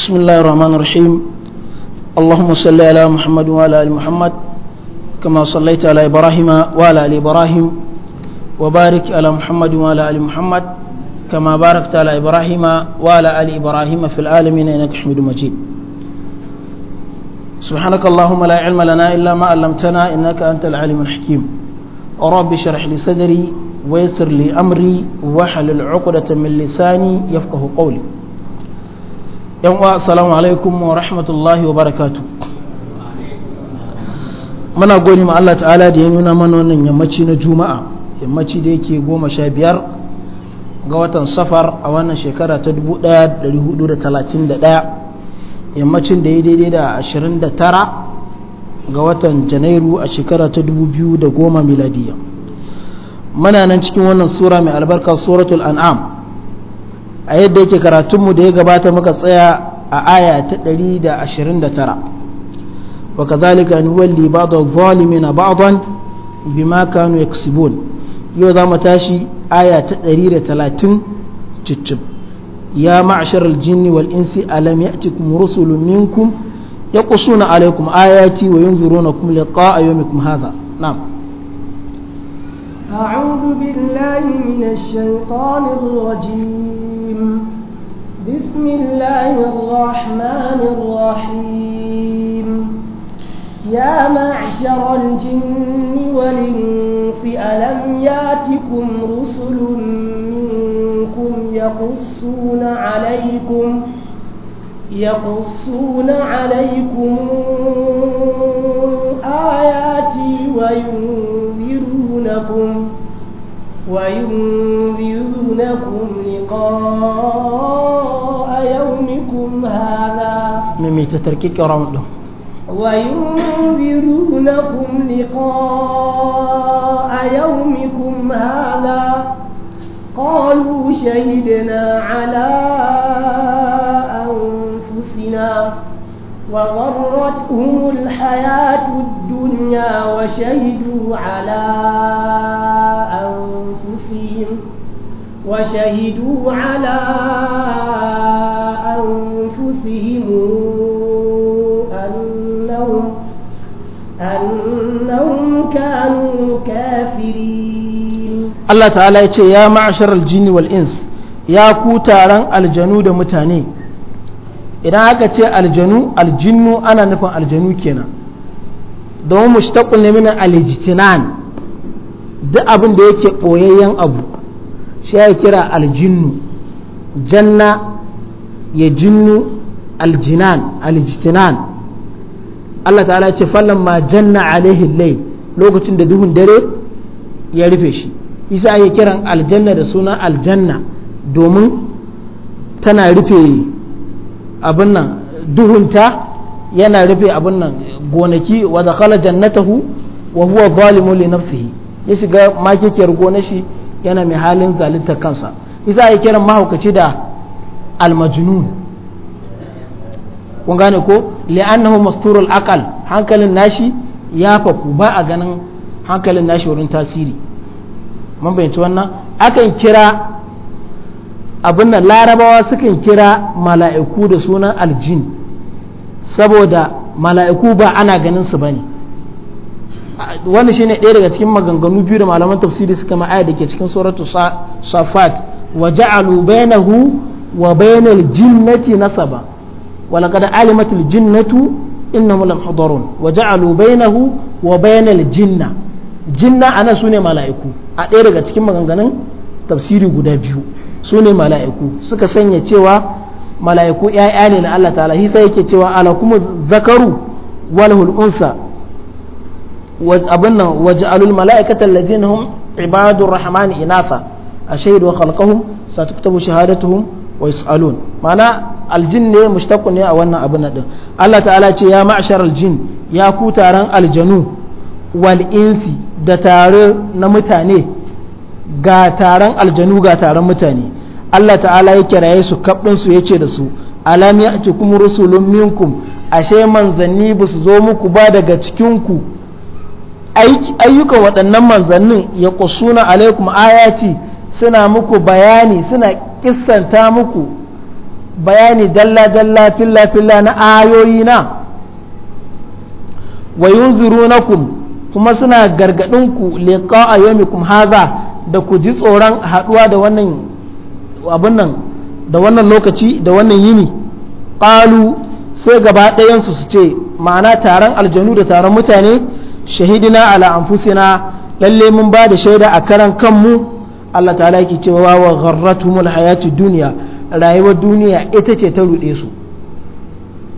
بسم الله الرحمن الرحيم اللهم صل على محمد وعلى ال محمد كما صليت على ابراهيم وعلى ال ابراهيم وبارك على محمد وعلى ال محمد كما باركت على ابراهيم وعلى ال ابراهيم في العالمين انك حميد مجيد سبحانك اللهم لا علم لنا الا ما علمتنا انك انت العليم الحكيم رب اشرح لي صدري ويسر لي امري واحلل عقدة من لساني يفقه قولي yan wa assalamu alaikum wa rahmatullahi wa barakatu muna gode ma Allah ta'ala da ya nuna mana wannan yammaci na juma'a yammaci da yake goma sha biyar ga watan safar a wannan shekara ta ɗaya yammacin da ya daidai da tara ga watan janairu a shekara ta da goma miladiya muna nan cikin wannan sura mai albarka suratul an'am a yadda yake karatunmu da ya gabata muka tsaya a aya ta 129 wa kazalika nuwalli ba'd adh-dhalimin ba'dan bima kanu yaksibun yau za mu tashi aya ta 130 cicib ya a al-jinni wal insi alam ya'tikum rusulun minkum yaqusuna alaykum ayati wa yunziruna kum liqa'a yawmikum hadha na'am أعوذ بالله من الشيطان الرجيم بسم الله الرحمن الرحيم يا معشر الجن والإنس ألم ياتكم رسل منكم يقصون عليكم يقصون عليكم آياتي وينذرون ينذرونكم وينذرونكم لقاء يومكم هذا ممي تتركيك رمضان وينذرونكم لقاء يومكم هذا قالوا شهدنا على أنفسنا وغرتهم الحياة الدنيا الدنيا وشهدوا على أنفسهم وشهدوا على أنفسهم أنهم أنهم كانوا كافرين الله تعالى يقول يا معشر الجن والإنس يا كوتاران الجنود متاني إذا أكتش الجنو الجن أنا نفهم الجنو كنا domin mushtaqul ne min alijtinan duk abin da yake boyayyen abu shi ya kira aljinnu janna ya jinnu aljinan aljitinan Allah ta'ala ya ce ma janna alaihi lokacin da duhun dare ya rufe shi isa ya kiran aljanna da suna aljanna domin tana rufe abin nan duhunta yana rufe abin nan gonaki wa kala jannatahu wa huwa zalimun li nafsihi ya shiga makekiyar gonar shi yana mai halin zalunta kansa isa ya kiran mahaukaci da almajnun kun gane ko li'annahu masturul aqal hankalin nashi ya faku ba a ganin hankalin nashi wurin tasiri mun bayyana wannan akan kira abin nan larabawa sukan kira mala'iku da sunan aljin saboda mala'iku ba ana ganin su bane wannan shine ɗaya daga cikin maganganu biyu da malaman tafsiri suka ma aya dake cikin suratu safat wa ja'alu bainahu wa bainal jinnati nasaba wa laqad alimat al jinnatu innahum hadarun wa ja'alu bainahu wa bainal jinna jinna ana sune mala'iku a ɗaya daga cikin maganganun tafsiri guda biyu sune mala'iku suka sanya cewa mala'iku ‘ya'ya ne na Allah ta'ala hisa yake cewa ala kuma zakaru walhul unsa abin nan waje alul mala'ikata ladin hum ibadur rahman inasa a shaidu wa khalqahum sa tuktabu shahadatuhum wa yas'alun mana aljin ne mushtaqun ne a wannan abin nan din Allah ta'ala ce ya ma'shar aljin ya ku taron aljanu wal insi da tare na mutane ga taron aljanu ga taron mutane Allah ta'ala ya kiraye su kabbin su yace da su alam kuma rusulun minkum ashe manzanni ba su zo muku ba daga cikin ku ayyukan waɗannan manzannin ya kusuna alaikum ayati suna muku bayani suna kissanta muku bayani dalla dalla filla filla na ayoyi na wa yunzirunakum kuma suna ku liqa'a yawmikum haza da ku ji tsoron haɗuwa da wannan abin nan da wannan lokaci da wannan yini ƙalu sai gaba ɗayansu su ce ma'ana taron aljanu da taron mutane shahidina ala anfusina lalle mun ba da shaida a karan kanmu Allah ta yake cewa wa gharratumul hayati duniya rayuwar duniya ita ce ta ruɗe su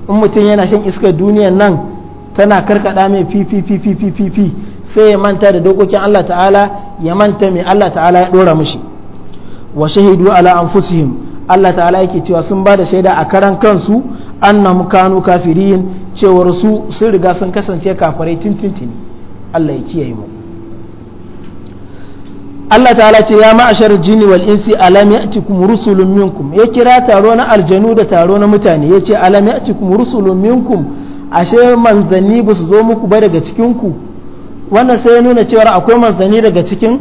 in mutum yana shan iskar duniyan nan tana karkada mai fifi sai ya manta da dokokin Allah ta'ala ya manta mai Allah ta'ala ya ɗora mishi wa shahidu ala anfusihim Allah ta'ala yake cewa sun ba da shaida a karan kansu annam kanu kafirin cewar su sun riga sun kasance kafirai tintintini Allah ya kiyaye mu Allah ta'ala ce ya ma'ashar jini wal insi alam ya'tikum rusulun minkum ya kira taro na aljanu da taro na mutane ya ce alam ya'tikum rusulun minkum ashe manzanni ba su zo muku ba daga cikin ku wannan sai ya nuna cewa akwai manzanni daga cikin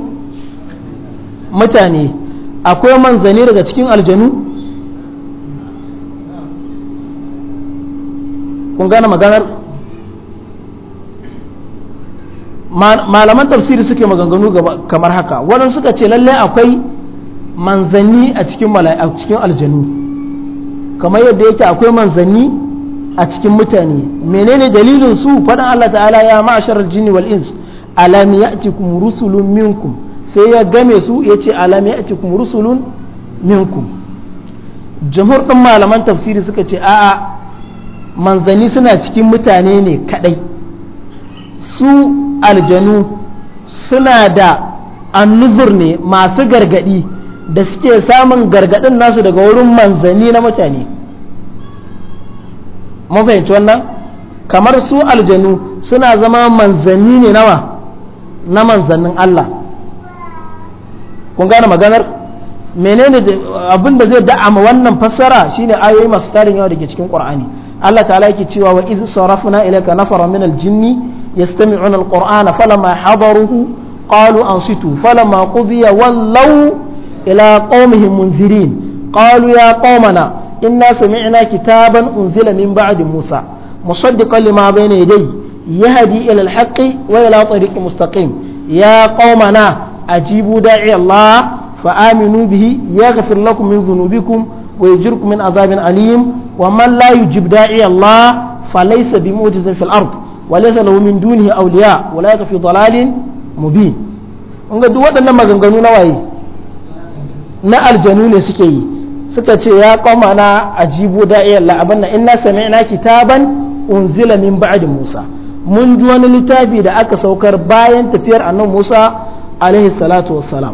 mutane akwai manzanni daga cikin aljanu kun gane maganar malaman tafsiri suke maganganu kamar haka wannan suka ce lallai akwai manzanni a cikin aljanu kamar yadda yake akwai manzanni a cikin mutane menene dalilin su faɗin Allah ta'ala ya ma'ashar jini wal ins alam ya'tikum rusulun minkum sai ya game su ya ce alam ya ake kuma rusulun minkum jamhur ɗin malaman tafsiri suka ce a'a manzanni suna cikin mutane ne kaɗai su aljanu suna da annuzur ne masu gargaɗi da suke samun gargaɗin nasu daga wurin manzanni na mutane mun wannan kamar su aljanu suna zama manzanni ne nawa na manzannin Allah kun gane maganar menene abin da zai da'ama wannan fassara shine ayoyi masu tarin yawa da ke cikin qur'ani Allah ta'ala yake cewa wa idh sarafna ilayka nafara min al-jinni yastami'una al-qur'ana falamma hadaruhu qalu ansitu falamma qudiya wallaw ila qaumihim munzirin qalu ya qaumana inna sami'na kitaban unzila min ba'di musa musaddiqan lima bayna yadayhi yahdi ila al-haqqi wa ila tariqin mustaqim ya qaumana أجيبوا داعي الله فآمنوا به يغفر لكم من ذنوبكم ويجركم من عذاب أليم ومن لا يجيب داعي الله فليس بمعجز في الأرض وليس له من دونه أولياء ولا في ضلال مبين unga duk waɗannan maganganu na waye na aljanu ne suke yi suka ce ya koma na ajibu da'i Allah abanna inna sami'na kitaban unzila min ba'di Musa mun ji wani littafi da aka saukar bayan tafiyar annabi Musa alaihi salatu wassalam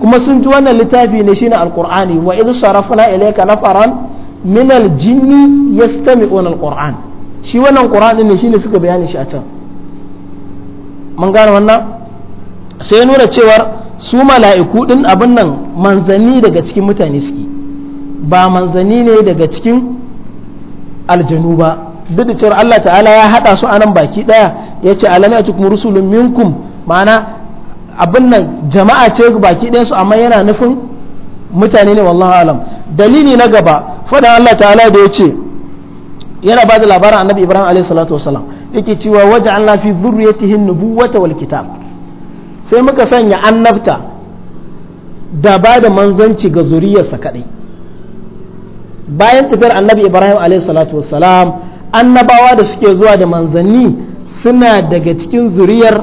kuma sun ji wannan littafi ne shine alqur'ani wa idh sarafna ilayka nafaran min aljinni yastami'una alqur'an shi wannan qur'ani ne shine suka bayani shi a can mun gane wannan sai nuna cewar su mala'iku din abin nan manzanni daga cikin mutane suke ba manzanni ne daga cikin aljanu ba duk da cewar Allah ta'ala ya hada su anan baki daya ya ce alam rusulun minkum ma'ana abin nan jama'a ce baki ɗayan su amma yana nufin mutane ne wallahu alam dalili na gaba fadan Allah ta'ala da ya ce yana ba da labarin annabi ibrahim alaihi salatu wasalam yake cewa waje an lafi zurriyatihin nubuwata wal kitab sai muka sanya annabta da ba da manzanci ga zuriyarsa kadai bayan tafiyar annabi ibrahim alaihi salatu wasalam annabawa da suke zuwa da manzanni suna daga cikin zuriyar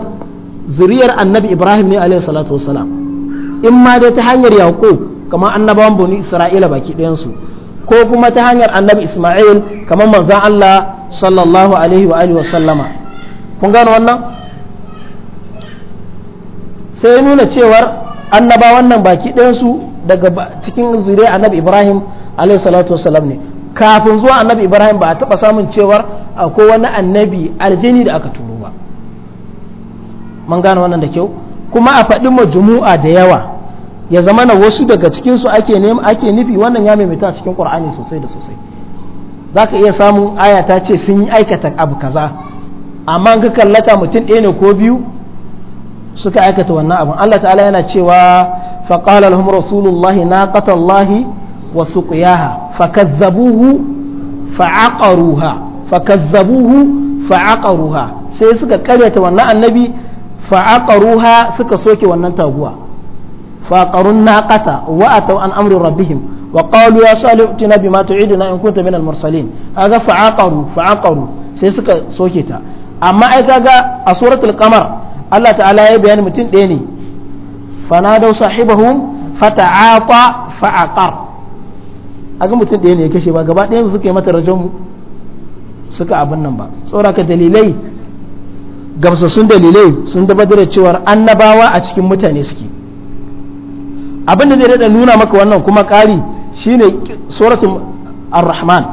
zuriyar annabi ibrahim ne alaihi salatu wassalam in ma dai ta hanyar yaqub kamar annabawan bani isra'ila baki ɗayansu ko kuma ta hanyar annabi isma'il kamar manzon allah sallallahu alaihi wa alihi wa sallama kun gano wannan sai nuna cewar annaba wannan baki ɗayansu daga cikin zuriyar annabi ibrahim alaihi salatu wasalam ne kafin zuwa annabi ibrahim ba a taɓa samun cewar akwai wani annabi aljini da aka turo ba mun gane wannan da kyau kuma a faɗi majmu'a da yawa ya zama na wasu daga cikin su ake nema ake nufi wannan ya maimaita a cikin qur'ani sosai da sosai zaka iya samun aya ta ce sun yi aikata abu kaza amma ga kallata mutum ɗaya ne ko biyu suka aikata wannan abin Allah ta'ala yana cewa faqala lahum rasulullahi naqatallahi wa suqiyaha fakazzabuhu fa'aqaruha fakazzabuhu fa'aqaruha sai suka karyata wannan annabi fa'aqaruha suka soke wannan taguwa faqarun naqata wa ataw an amri rabbihim wa qalu ya salih tina bima tu'iduna in kunta minal mursalin kaga fa'aqaru fa'aqaru sai suka soke ta amma ai kaga a suratul qamar Allah ta'ala ya bayani mutum ɗaya ne fanadau sahibahum fata'ata fa'aqar aga mutum ɗaya ne ya kashe ba gaba ɗayan suka yi mata rajon suka abin nan ba saboda dalilai gamsassun dalilai sun tabbatar da cewar annabawa a cikin mutane suke abin da zai daɗa nuna maka wannan kuma ƙari shine suratul ar-rahman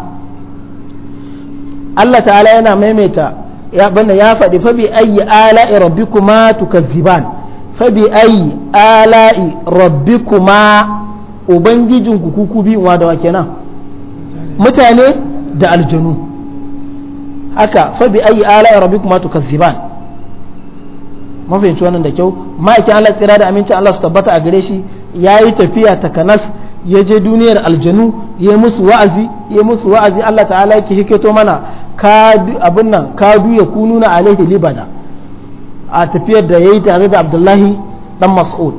Allah ta'ala yana maimaita ya bana ya faɗi fa bi ayi ala'i rabbikuma tukazziban fa bi ayi ala'i rabbikuma ku kuku bi wa da wake kenan mutane da aljanu haka fa bi ayi ala'i rabbikuma tukazziban mun wannan da kyau ma'aikin Allah tsira da amincin Allah su tabbata a gare shi ya yi tafiya takanas ya je duniyar aljanu ya musu wa'azi ya musu wa'azi Allah ta'ala yake hikato mana abin nan kadu ya kunu na alaihi libada a tafiyar da ya yi tare da abdullahi dan mas'ud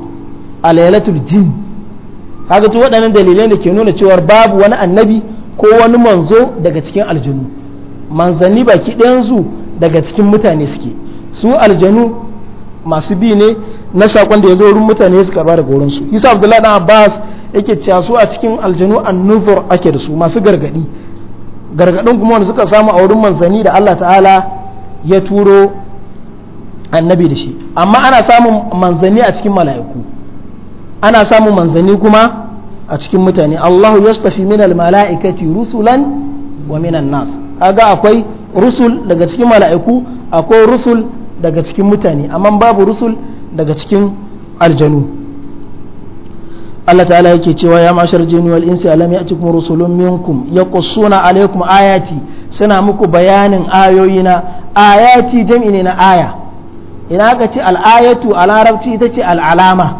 a lailatul jin kaga tu waɗannan dalilai da ke nuna cewa babu wani annabi ko wani manzo daga cikin aljanu manzanni baki ɗayan su daga cikin mutane suke su aljanu masu bi ne na sakon da ya zo wurin mutane su karba daga wurin su isa abdullahi dan abbas yake cewa su a cikin aljanu annuzur ake da su masu gargadi gargadin kuma wanda suka samu a wurin manzanni da Allah ta'ala ya turo annabi da shi amma ana samun manzanni a cikin mala'iku ana samun manzanni kuma a cikin mutane Allahu yastafi min almala'ikati malaikati rusulan wa minan nas kaga akwai rusul daga cikin mala'iku akwai rusul daga cikin mutane amma babu rusul daga cikin aljanu Allah ta'ala yake cewa ya mashar jini wal insi alam ya'tikum rusulun minkum yaqussuna alaykum ayati suna muku bayanin ayoyina ayati jam'i ne na aya ina ka ce al'ayatu a larabci ita ce al'alama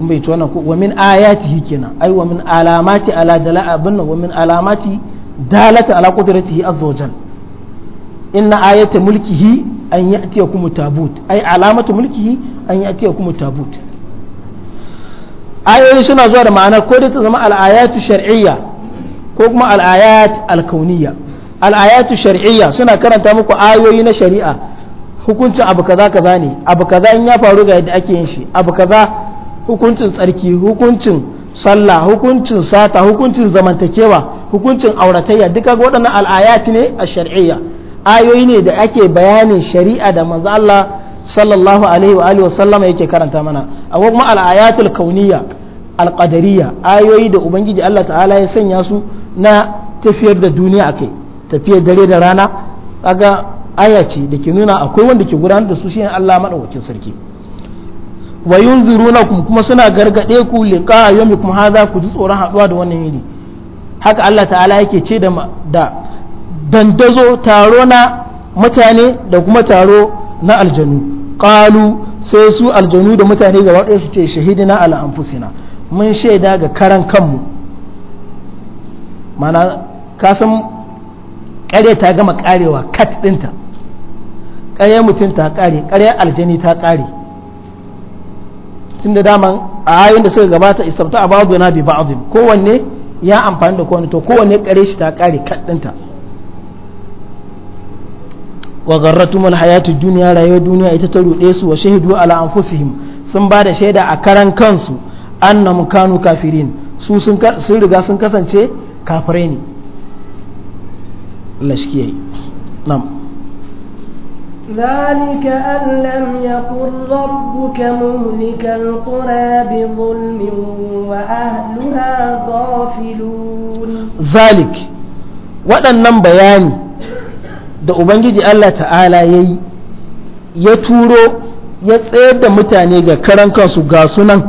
in bai ci wannan wa min ayati kenan ai wa min alamati ala dala abin wa min alamati dalata ala qudratihi azza wajalla inna ayata mulkihi an ya'tiya kuma tabut ai alamatu mulkihi an ya'tiya kuma tabut ayoyi suna zuwa da ma'ana ko dai ta zama al'ayatu shar'iyya ko kuma al'ayat alkauniyya al'ayatu shar'iyya suna karanta muku ayoyi na shari'a hukuncin abu kaza kaza ne abu kaza in ya faru ga yadda ake yin shi abu kaza hukuncin tsarki hukuncin sallah hukuncin sata hukuncin zamantakewa hukuncin auratayya duka waɗannan al'ayat ne a shar'iyya ayoyi ne da ake bayanin shari'a da manzo Allah sallallahu alaihi wa alihi sallama yake karanta mana akwai kuma al-ayatul kauniyya al-qadariyya ayoyi da ubangiji Allah ta'ala ya sanya su na tafiyar da duniya akai tafiyar dare da rana kaga aya ce da ke nuna akwai wanda ke gudanar da su shine Allah madaukakin sarki wa yunzirunakum kuma suna gargade ku liqa yawmikum hadha ku ji tsoron haduwa da wannan yini haka Allah ta'ala yake ce da dandazo taro na mutane da kuma taro na aljanu qalu sai su aljanu da mutane gaba ɗaya su ce shahidina ala anfusina mun shaida ga karan kanmu mana ka san ƙarya ta gama ƙarewa kat ɗinta ƙarya mutum ta ƙare ƙarya aljani ta ƙare tun da daman a yayin da suka gabata istamta a ba'adu na bi ba'adu kowanne ya amfani da kowanne to kowanne ƙare shi ta ƙare kat ɗinta wa gharratum alhayatud dunya rayuwar duniya ita ta rude su wa shahidu ala anfusihim sun ba da shaida a karan kansu annam kanu kafirin su sun riga sun kasance kafirai ne Allah shi yayi na'am ذلك أن لم يكن ربك مهلك القرى بظلم وأهلها غافلون ذلك waɗannan bayani da ubangiji Allah ta'ala ya yi ya turo ya tsayar da mutane ga karan kansu ga sunan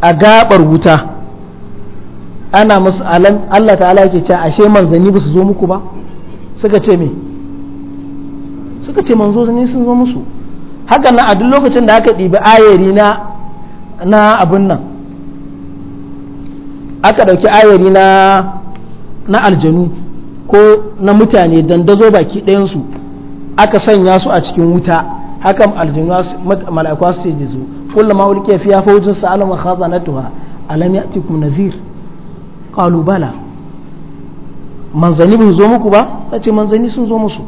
a gabar wuta ana musu alam Allah ta'ala yake cewa ashe manzanni ba su zo muku ba suka ce me suka ce ne sun zo musu haka na a duk lokacin da aka ɗibi ayari na na abin nan aka ɗauki ayari na na aljanu ko na mutane dandazo baki ɗayansu aka sanya su a cikin wuta hakan aljinu mala'ikwa su ce zo kullum ma ulke fiya faujin sa alama tuha alam ya'tikum nazir qalu bala manzani bai zo muku ba ce manzani sun zo musu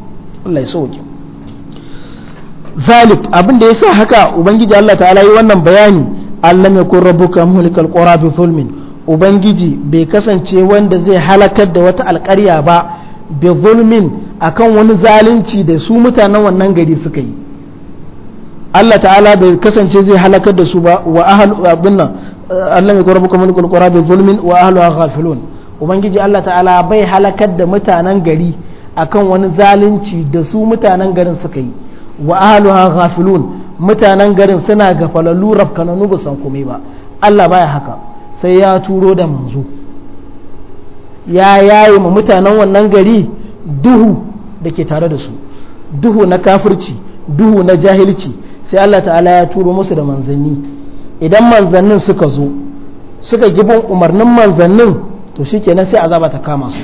Allah ya sauke zalik abin da sa haka ubangiji Allah ta'ala yi wannan bayani allam yakun rabbuka muhlikal qura bi zulmin ubangiji bai kasance wanda zai halakar da wata alƙarya ba bi zulmin akan wani zalunci da su mutanen wannan gari suka yi Allah ta'ala bai kasance zai halakar da su ba wa ahal abin nan Allah mai kora buka mulkul qura bi zulmin wa ahlu ghafilun ubangiji Allah ta'ala bai halakar da mutanen gari akan wani zalunci da su mutanen garin suka yi wa ahlu ghafilun mutanen garin suna gafalallu rafkananu ba san komai ba Allah baya haka sai ya turo da manzo ya yaye ma mutanen wannan gari duhu da ke tare da su duhu na kafirci duhu na jahilci sai Allah ta'ala ya turo musu da manzanni idan manzannin suka zo suka gibin umarnin manzannin to shi na sai azaba ta kama su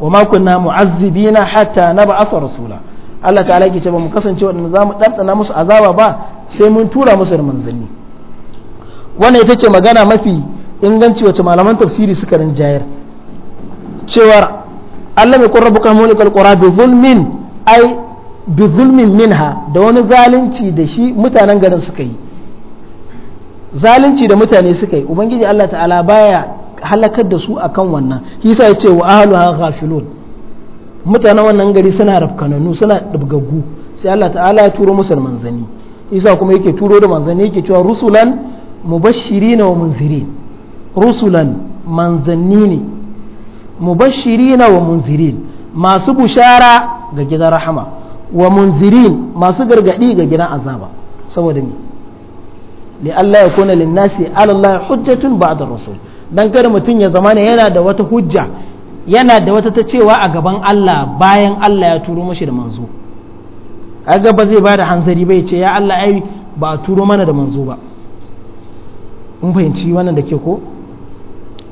wa ma kunna mu'azzibina hatta nab'atha rasula Allah ta'ala ke ce ba mu kasance waɗanda za mu ɗanɗana musu azaba ba sai mun tura musu da manzanni wannan ita ce magana mafi inganci wacce malaman tafsiri suka rinjayar cewa Allah mai kurrabu kan mulki alqura bi zulmin ai bi zulmin minha da wani zalunci da shi mutanen garin suka yi zalunci da mutane suka yi ubangiji Allah ta'ala baya halakar da su akan wannan yasa ya ce wa ha ghafilun mutanen wannan gari suna rafkananu suna dubgaggu sai Allah ta'ala ya turo musu manzanni isa kuma yake turo da manzanni yake cewa rusulan mubashirina wa munzirin rusulan manzanni ne mubashirina wa munzirin masu bushara ga gidan rahama wa munzirin masu gargadi ga gidan azaba saboda mi li Allah ya kuna lin nasi ala Allah hujjatun ba'da rasul dan kada mutum ya zama ne yana da wata hujja yana da wata ta cewa a gaban Allah bayan Allah ya turo mashi da manzo aga ba zai bada hanzari bai ce ya Allah ai ba turo mana da manzo ba mun fahimci wannan da ke ko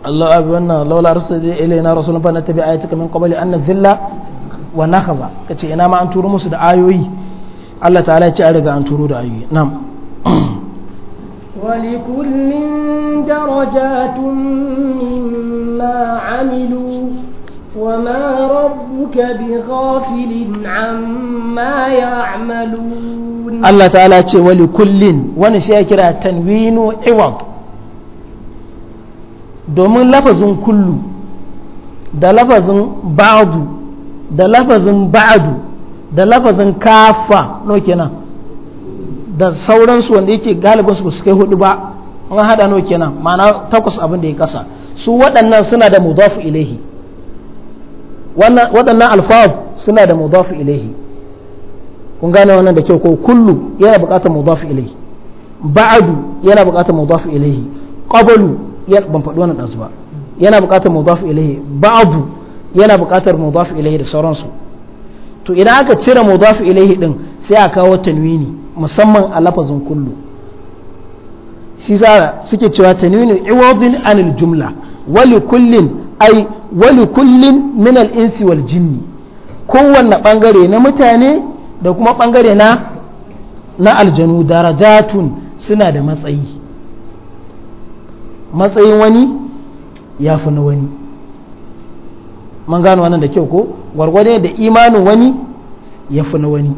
Allah abi wannan laula rasul ilaina rasulun fa tabi ayatuka kamin qabli anna zilla wa nakhaza kace ina ma an turo musu da ayoyi Allah ta'ala ya ce an riga an turo da ayoyi na'am ولكل درجات مما عملوا وما ربك بغافل عما يعملون الله تعالى wani ولكل وانا شاكرا تنوين عوض domin lafazin kullu da lafazin ba'adu da lafazin ba'adu da lafazin kafa no kenan da sauransu wanda yake galibinsu su kai hudu ba an hada no kenan ma'ana takwas abin da ya kasa su waɗannan suna da mudafu ilaihi waɗannan alfaf suna da mudafu ilaihi kun gane wannan da kyau ko kullu yana buƙatar mudafu ilaihi ba'adu yana buƙatar mudafu ilaihi qablu ban faɗi wannan ɗansu ba yana buƙatar mudaf ilaihi ba'adu yana buƙatar mudaf ilahi da sauransu to idan aka cire mudaf ilahi ɗin sai a kawo tanwini musamman a lafazin kullu shi sa suke cewa tanwini iwadin anil jumla wali kullin ai wali kullin min al insi wal jinni kowanne bangare na mutane da kuma bangare na na aljanu darajatun suna da matsayi matsayin wani ya fi na wani man gano wannan da kyau ko gwargwane da imanin wani ya fi na wani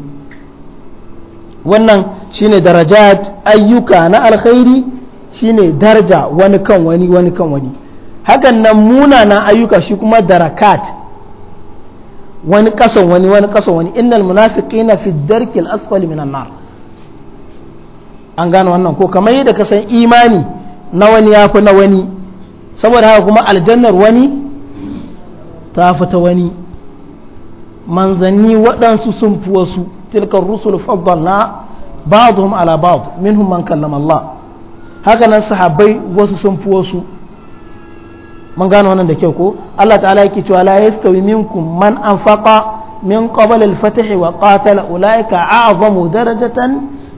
wannan shine darajat ayyuka na alkhairi shine daraja wani kan wani wani kan wani hakan nan munanan ayyuka shi kuma darakat wani kasan wani wani kasan wani innal munafiqina fi darkil asfali minan nar an gano wannan ko kamar yadda ka san imani na wani ya fi na wani saboda haka kuma aljannar wani ta fi wani manzanni waɗansu sun fi wasu tilkar rusul faddalna ba'dhum ala ba'd minhum man kallama Allah haka nan sahabbai wasu sun fi wasu mun gano wannan da kyau ko Allah ta'ala yake cewa la yastawi minkum man anfaqa min qabla al-fath wa qatala ulaika a'zamu darajatan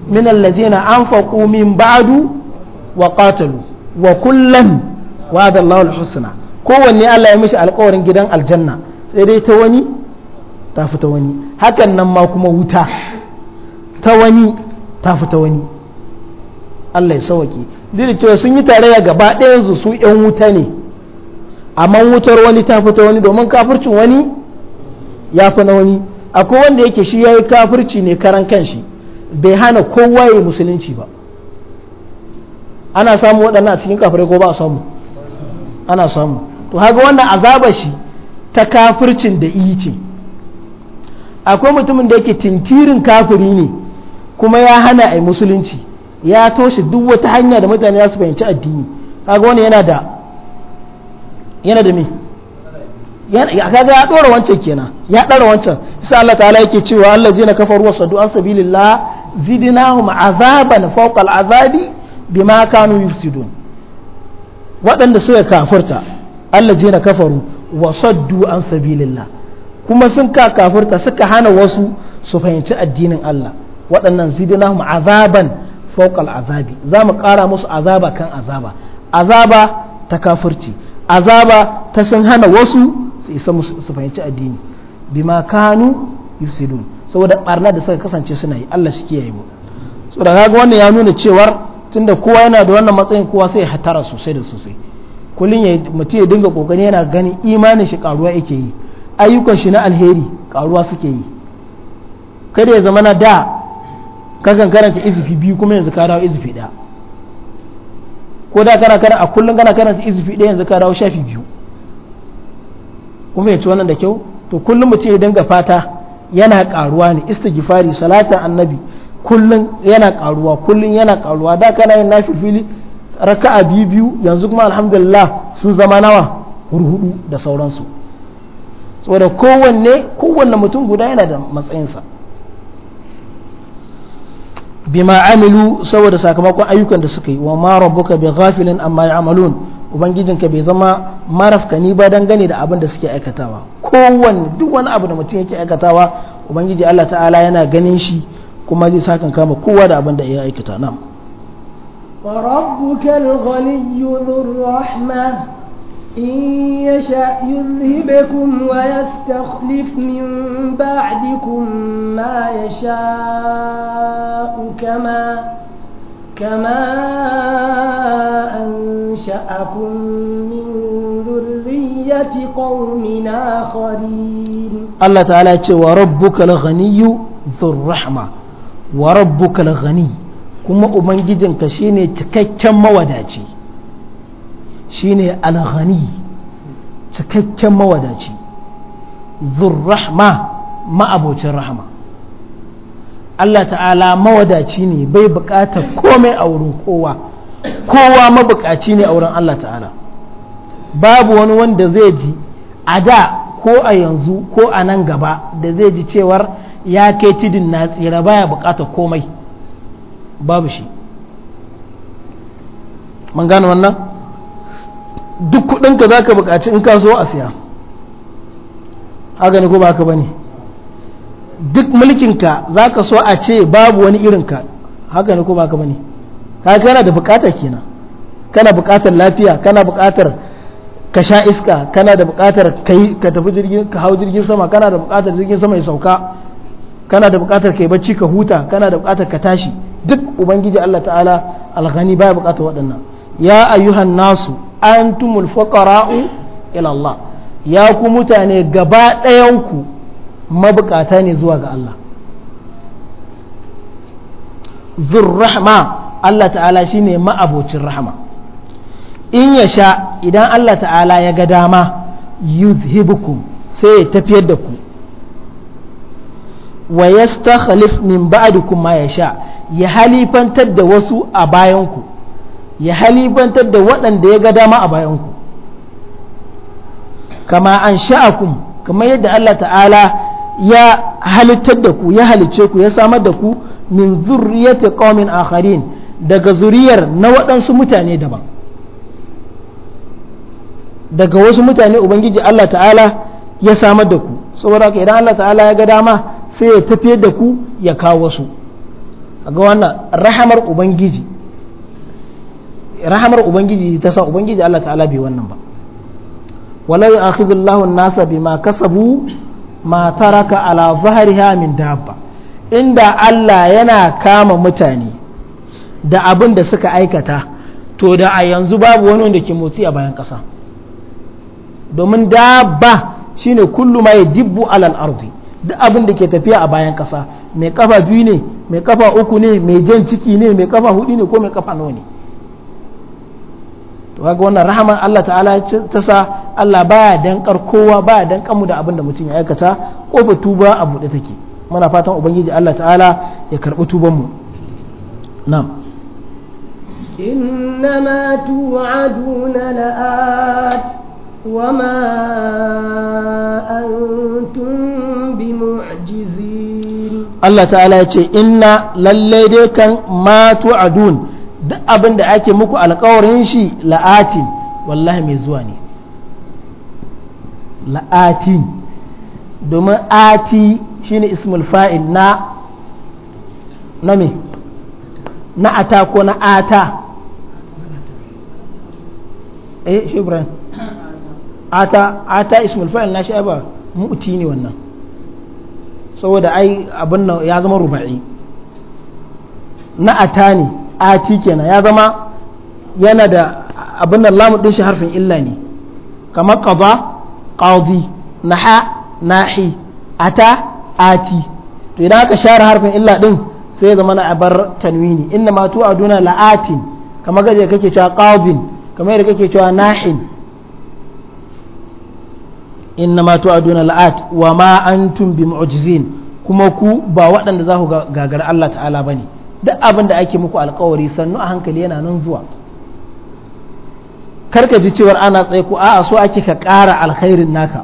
min alladhina anfaqu min ba'du wa wa وقاتلوا wa وعد الله الحسنى kowanne Allah ya mishi alkawarin gidan aljanna sai dai ta wani ta fita wani hakan nan ma kuma wuta ta wani ta fita wani Allah ya sauwake duk cewa sun yi tarayya gaba ɗayan su su yan wuta ne amma wutar wani ta fita wani domin kafircin wani ya fa na wani akwai wanda yake shi ya yi kafirci ne karan kanshi bai hana kowa ya musulunci ba ana samu waɗannan a cikin kafirai ko ba a samu ana samu to haka wannan azaba shi ta kafircin da iyi ce akwai mutumin da yake tintirin kafiri ne kuma ya hana a musulunci ya toshe duk wata hanya da mutane za su fahimci addini haka wani yana da yana da me kaga ya dora wancan kenan ya dora wancan sai Allah ta'ala yake cewa Allah allazina kafaru wa saddu an sabilillah zidnahum azaban fawqa al-azabi bima kanu yufsidun waɗanda suka kafurta Allah jina kafaru wa saddu an sabilillah kuma sun ka kafurta suka hana wasu su fahimci addinin Allah waɗannan zidnahum azaban fawqal azabi za mu ƙara musu azaba kan azaba azaba ta kafurci azaba ta sun hana wasu su isa su fahimci addini bima kanu yufsidun saboda barna da suka kasance suna yi Allah shi yi mu saboda kaga wannan ya nuna cewar tunda kowa yana da wannan matsayin kowa sai ya hatara sosai da sosai kullum ya mutum ya dinga kokari yana ganin imanin shi karuwa yake yi ayyukan shi na alheri karuwa suke yi kada ya zama na da kakan karanta izifi biyu kuma yanzu ka dawo izifi ɗaya ko da kana kana a kullum kana karanta izifi ɗaya yanzu ka dawo shafi biyu kuma ci wannan da kyau to kullum mutum ya dinga fata yana karuwa ne istighfari salatan annabi kullum yana karuwa kullum yana karuwa da kana yin fili raka'a biyu biyu yanzu kuma alhamdulillah sun zama nawa hurhudu da sauransu saboda kowanne kowanne mutum guda yana da matsayinsa bima amilu saboda sakamakon ayyukan da suka yi wa ma rabbuka bi ghafilin amma ya'malun ubangijinka bai zama marafkani ba gane da abin da suke aikatawa kowanne duk wani abu da mutum yake aikatawa ubangiji Allah ta'ala yana ganin shi kuma zai sa kan kama kowa da abin da ya aikata nan وربك الغني ذو الرحمة إن يشأ يذهبكم ويستخلف من بعدكم ما يشاء كما كما أنشأكم من ذرية قوم آخرين الله تعالى وربك الغني ذو الرحمة wa rabbukal ghani kuma ubangijinka shine cikakken mawadaci shine al-ghani cikakken mawadaci rahma ma'abocin rahma. Allah ta'ala mawadaci ne bai bukatar komai a wurin kowa kowa mabukaci ne a wurin Allah ta'ala babu wani wanda zai ji a da ko a yanzu ko a nan gaba da zai ji cewar ya kai tidin na tsira baya bukatar komai babu shi man gane wannan duk kudinka za ka bukaci in ka so a siya haka ne ko ba haka ba ne duk mulkinka za ka so a ce babu wani irinka haka ne ko ba haka ba ne ka kana da bukata kenan kana bukatar lafiya kana bukatar ka sha iska kana da bukatar ka tafi jirgin ka hau jirgin sama kana da bukatar jirgin sama ya sauka kana da buƙatar yi bacci ka huta kana da buƙatar ka tashi duk ubangiji Allah ta'ala alghani baya buƙatar waɗannan ya ayyuhan nasu antumul fuqara'u ila Allah ya ku mutane gaba ku mabukata ne zuwa ga Allah rahma Allah ta'ala shine ma'abocin rahma in ya sha idan Allah ta'ala ya ga dama yuzhibukum sai ya tafiyar da ku wa yastakhlif min ba'dikum ma yasha ya halifantar da wasu a bayanku ya halifantar da waɗanda ya ga dama a bayanku kama an sha'akum kamar yadda Allah ta'ala ya halittar da ku ya halicce ku ya samar da ku min zurriyati qaumin akharin daga zuriyar na waɗansu mutane daban daga wasu mutane ubangiji Allah ta'ala ya samar da ku saboda haka idan Allah ta'ala ya ga dama sai ya tafiyar da ku ya kawo su ga wannan rahamar ubangiji rahamar ubangiji ta sa ubangiji Allah ta'ala bai wannan ba wala yu'akhidhu an-nasa bima kasabu ma taraka ala zahriha min dabba inda Allah yana kama mutane da abin da suka aikata to da a yanzu babu wani wanda ke motsi a bayan kasa domin dabba shine kullu ma yadibbu alal ardi duk abin da ke tafiya a bayan ƙasa mai kafa biyu ne mai kafa uku ne mai jan ciki ne mai kafa hudu ne ko mai kafa nawa ne to kaga wannan rahaman Allah ta'ala ta sa Allah baya dankar kowa baya dankar mu da abin da mutum ya aikata kofa tuba a buɗe take muna fatan ubangiji Allah ta'ala ya karɓi tuban mu na'am إنما توعدون لآت وما أنتم Allah ta'ala ya ce inna lalle dai kan ma tu'adun duk abin da ake muku alƙawarin shi la'atin wallahi mai zuwa ne la'atin domin ati shine ismul fa'il na na me na ata ko na ata eh shibran ata ata ismul fa'il na shi ba mu'ti ne wannan saboda ai abin nan ya zama ruba'i na atani ati kenan ya zama yana da abin nan lamu din shi harfin illa ne kamar qada qadi naha nahi ata ati to idan aka share harfin illa din sai ya zama na abar tanwini inna ma tu'aduna la'atin kamar gaje kake cewa qadin kamar yadda kake cewa nahin inna ma tu'aduna la'at wa ma antum bi mu'jizin kuma ku ba waɗanda za ku gagara Allah ta'ala ba ne, duk abin da ake muku alkawari sannu a hankali yana nan zuwa karka ji cewar ana tsaye ku a'a so ake ka ƙara alkhairin naka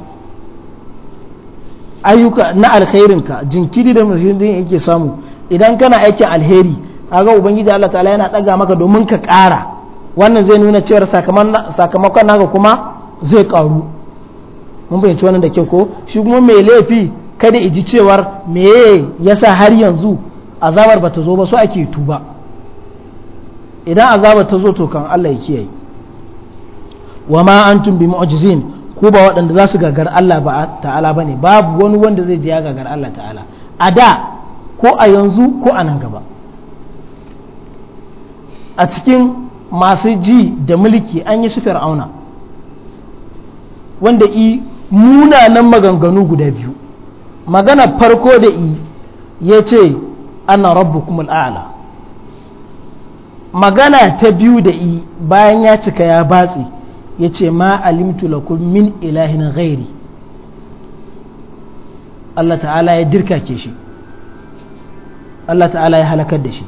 ayyuka na alkhairin ka jinkiri da mutum yake samu idan kana aikin alheri kaga ubangiji Allah ta'ala yana daga maka domin ka ƙara wannan zai nuna cewar sakamakon naka kuma zai ƙaru mun fahimci wannan da kyau ko shi kuma mai laifi kada iji cewar meye yasa har yanzu azabar ba ta zo ba so ake tuba idan azabar ta zo to kan Allah ya kiyaye wa ma antum bi mu'jizin ku ba waɗanda za su gagar Allah ba ta'ala bane babu wani wanda zai je ya gagar Allah ta'ala a da ko a yanzu ko a nan gaba a cikin masu ji da mulki an yi su fir'auna wanda i munanan maganganu guda biyu magana farko da i ya ce ana rabu kuma al'ala magana ta biyu da i bayan ya cika ya batsi ya ce ma alimtu lakum min ilahin ghairi Allah ta'ala ya dirka ke shi Allah ta'ala ya halakar da shi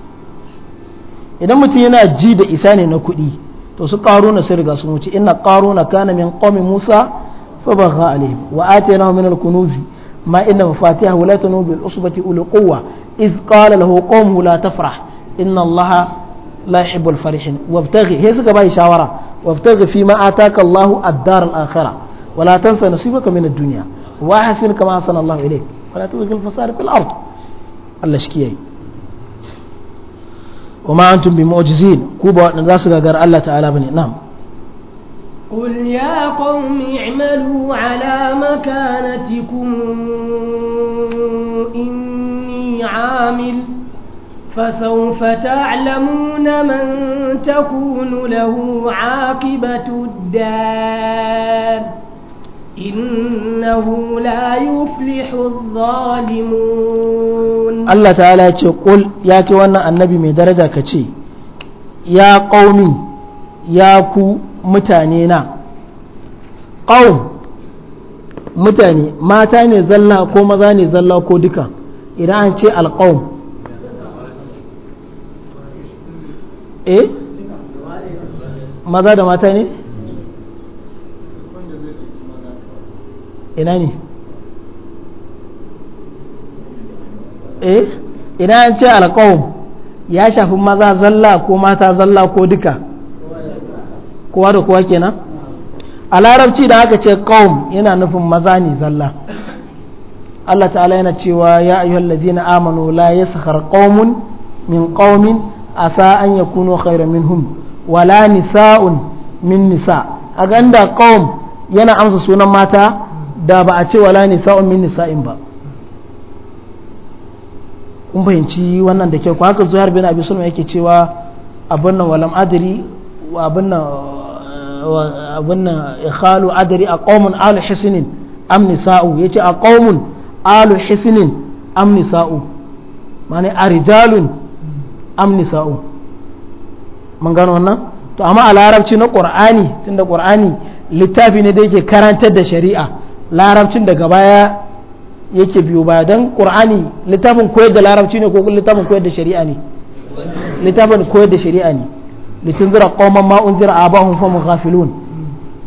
idan mutum yana ji da isa ne na kuɗi to su ƙaruna sun riga sun wuce ina ƙaruna kana min ƙomi musa فبغى عليهم وآتيناه من الكنوز ما إن مفاتيحه لا تنوب بالعصبة أولي القوة إذ قال له قومه لا تفرح إن الله لا يحب الفرحين وابتغي هي سكا باي شاورا وابتغي فيما آتاك الله الدار الآخرة ولا تنسى نصيبك من الدنيا وأحسن كما أحسن الله إليك ولا تبغي الفساد في الأرض الله شكيه وما أنتم بمعجزين كوبا نزاسك غير الله تعالى بني نعم قل يا قوم اعملوا على مكانتكم إني عامل فسوف تعلمون من تكون له عاقبة الدار إنه لا يفلح الظالمون الله تعالى يقول يا كوانا النبي من درجة كتي يا قومي ya ku mutane na ƙaun mutane mata ne zalla ko maza ne zalla ko duka idan an ce alƙaun eh maza da mata ne ina ne eh idan an ce alƙaun ya shafi maza zalla ko mata zalla ko duka kowa da kowa kenan a larabci da aka ce qaum yana nufin maza ne zalla Allah ta'ala yana cewa ya ayyuhal na amanu la yaskhar qaumun min qaumin asa an yakunu khairan minhum wala nisa'un min nisa a ganda qaum yana amsa sunan mata da ba a ce wala nisa'un min nisa'in ba kun fahimci wannan da ke kyau haka zuhar bin abi sulma yake cewa abin nan walam adri abin nan ikhalu adari a qaumun alu hisnin am nisa'u yace a qaumun alu hisnin am nisa'u mane a rijalun am nisa'u mun gano wannan to amma a larabci na tun da qur'ani littafi ne da yake karantar da shari'a larabcin daga baya yake biyo baya don ƙor'ani littafin koyar da larabci ne ko littafin koyar da shari'a ne littafin koyar da shari'a ne لتنذر قوما ma أنذر آباهم فهم غافلون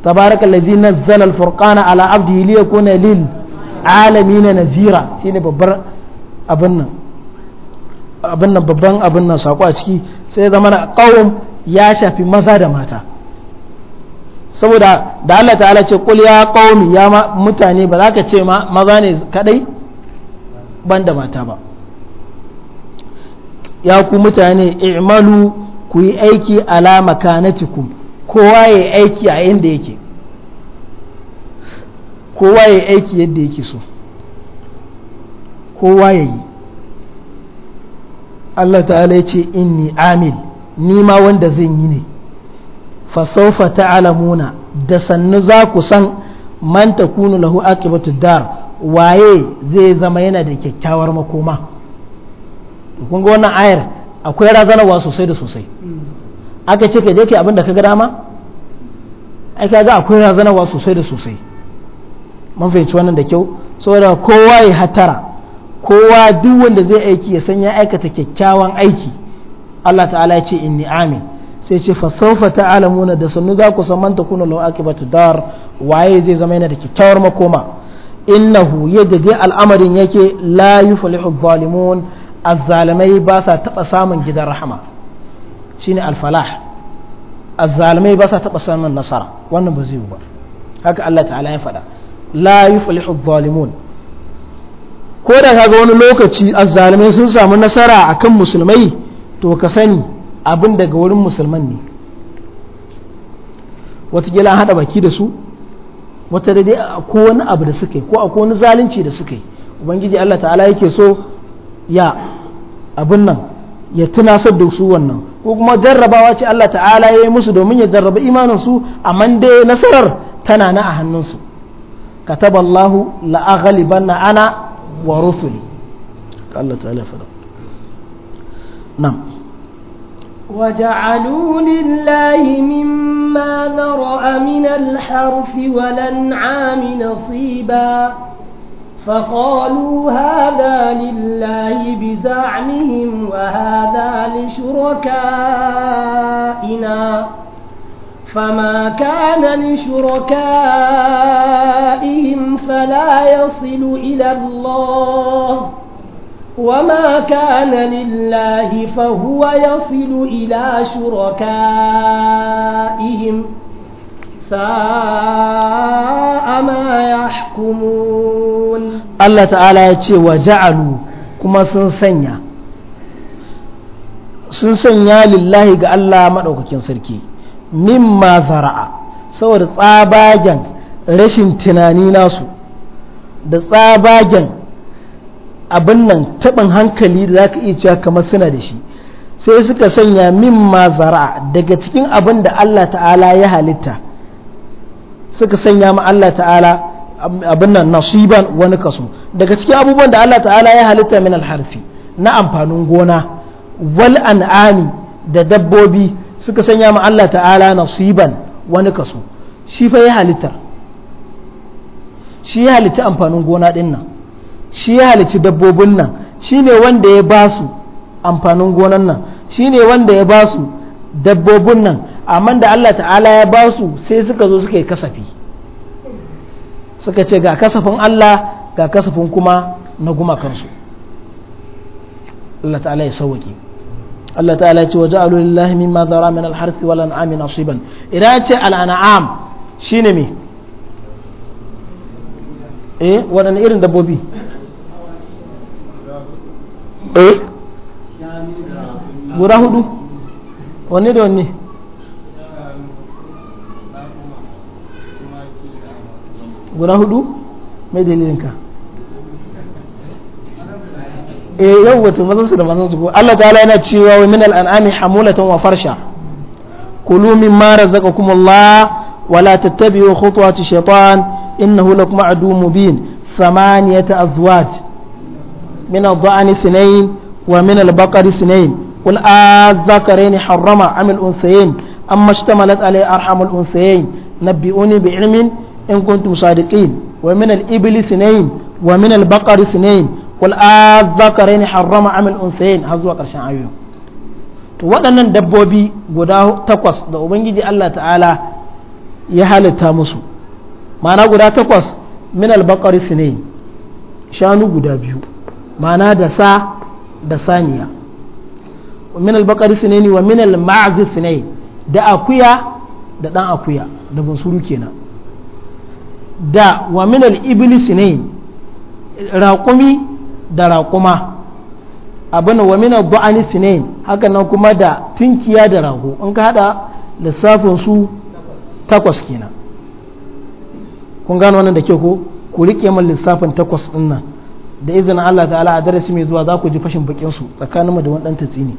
tabaraka الذي نزل الفرقان على عبده ليكون للعالمين lil سيني nazira أبنى أبنى abin أبنى abin nan babban abin nan sako a ciki sai zama na shafi maza da saboda da Allah ta'ala ce kul ya qaumi ya mutane ba za ka ce ma maza ne kadai ban da mata ba ya ku mutane i'malu ku yi aiki ala makanatikum kowa ya yi aiki a inda yake kowa ya yi aiki yadda yake so kowa ya yi Allah ta'ala ya ce inni amil ni ma wanda zan yi ne fasaufa ta'alamuna da sannu za ku san man kunu lahu aqibatu dar waye zai zama yana da kyakkyawar makoma kun ga wannan ayar akwai razanarwa sosai da sosai mm. aka ce ka je kai abinda ka ga dama a ka ga akwai razanarwa sosai da sosai mun fahimci wannan da kyau saboda kowa ya hatara kowa duk wanda zai aiki ya san ya aikata kyakkyawan aiki Allah ta'ala ya ce inni amin sai ce fa sawfa ta'lamuna da sannu za ku san man takunu lahu akibatu dar waye zai zama yana da kyakkyawar makoma innahu yadda dai al'amarin yake la yuflihu zalimun azzalimai ba sa taɓa samun gidan rahama shine alfalah azzalimai ba sa taɓa samun nasara wannan ba zai yi ba haka Allah ta'ala ya faɗa la yuflihu zalimun ko da kaga wani lokaci azzalimai sun samu nasara akan musulmai to ka sani abin daga wurin musulman ne Wataƙila an haɗa baki da su wata da dai ko wani abu da suka yi ko a wani zalunci da suka yi ubangiji Allah ta'ala yake so ya abin nan ya tunasar da su wannan ko kuma jarrabawa ce Allah ta'ala ya yi musu domin ya jarraba imanin su amma dai nasarar tana na a hannunsu kataballahu la'aghalibanna ana wa rusuli Allah ta'ala ya faɗa نعم وجعلوا لله مما ذرأ من الحرث والأنعام نصيبا فقالوا هذا لله بزعمهم وهذا لشركائنا فما كان لشركائهم فلا يصل إلى الله وما كان لله فهو يصل إلى شركائهم ۖ ma yahkumun Allah ta'ala ya ce wa ja'alu kuma sun sanya sun sanya lillahi ga Allah maɗaukakin sarki mimma zara'a saboda tsabagen rashin tunani nasu da tsabagen abin nan taɓin hankali da za ka iya cewa kamar suna da shi sai suka sanya mimma zara'a daga cikin abin da Allah ta'ala ya halitta suka sanya ma Allah ta'ala abin nan nasiban wani kaso daga cikin abubuwan da Allah ta'ala ya halitta min alharfi na amfanin gona wal an'ami da dabbobi suka sanya ma Allah ta'ala nasiban wani kaso shi fa ya halitta shi ya halitta amfanin gona din nan shi ya halitta dabbobin nan shi ne wanda ya ba su amfanin gonan nan shi ne wanda ya ba su dabbobin nan amma da Allah ta'ala ya ba su sai suka zo suka yi kasafi suka ce ga kasafin Allah ga kasafin kuma na gumakansu Allah ta'ala ya sauwake Allah ta'ala ya ce waje alulillahi mimma zara min alharthi wal an'ami nasiban idan ya ce an'am shine me eh waɗanne irin dabbobi eh guda hudu wanne da wanne guda hudu mai dalilin ka eh, yau wato mazan su da mazan su Allah ta'ala yana cewa wa min al'anami hamulatan wa farsha kulu mimma razaqakumullah wa la tattabi'u khutuwati shaitan innahu lakum adu mubin thamaniyata azwaj min adh-dha'ni sinayn wa min al-baqari sinayn قل آذكرين حرم أم الأنثيين أما اشتملت عليه أرحم الأنثيين نبئوني بعلم in kuntum sadiqin wa min al-ibli sinayn wa min al-baqari sinayn qul adh harrama am al-unthayn har zuwa karshen to waɗannan dabbobi guda takwas da ubangiji Allah ta'ala ya halitta musu ma'ana guda takwas min al-baqari sinayn shanu guda biyu ma'ana da sa da saniya min al-baqari sinayn wa min al-ma'z sinayn da akuya da dan akuya da bunsuru kenan da wa minal iblis ne raƙumi da raƙuma abin wa minal du'ani haka nan kuma da tunkiya da rago in ka hada lissafin su takwas kenan kun gano wannan da ke ko ku rike min lissafin takwas din da izinin Allah ta'ala a darasi mai zuwa za ku ji fashin bakin su tsakaninmu da wani dan tatsi ne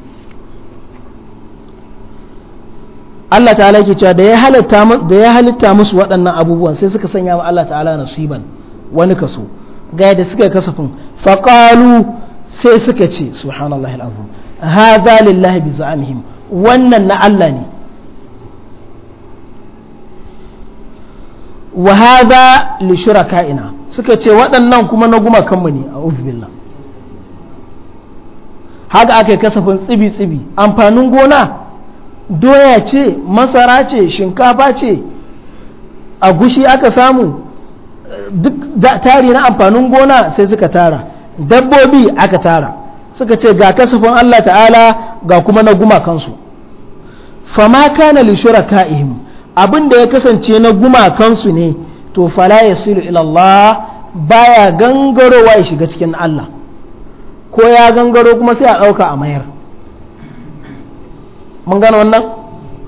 Allah ta'ala ke cewa da ya halitta musu waɗannan abubuwan sai suka sanya wa Allah ta'ala nasiban wani kaso ga yadda suka kasafin faqalu sai suka ce subhanallahi alazim haza lillahi bi za'amihim wannan na Allah ne wa hadha li shuraka'ina suka ce waɗannan kuma na gumakanmu ne a billah haka aka kasafin tsibi-tsibi amfanin gona doya ce masara ce shinkafa ce a gushi aka samu duk tari na amfanin gona sai suka tara dabbobi aka tara suka ce ga kasafin Allah ta'ala ga kuma na gumakansu fama kana li shuraka'ihim abin da ya kasance na gumakansu ne to fala yasilu ila Allah baya gangarowa ya shiga cikin Allah ko ya gangaro kuma sai a ɗauka a mayar mun gano wannan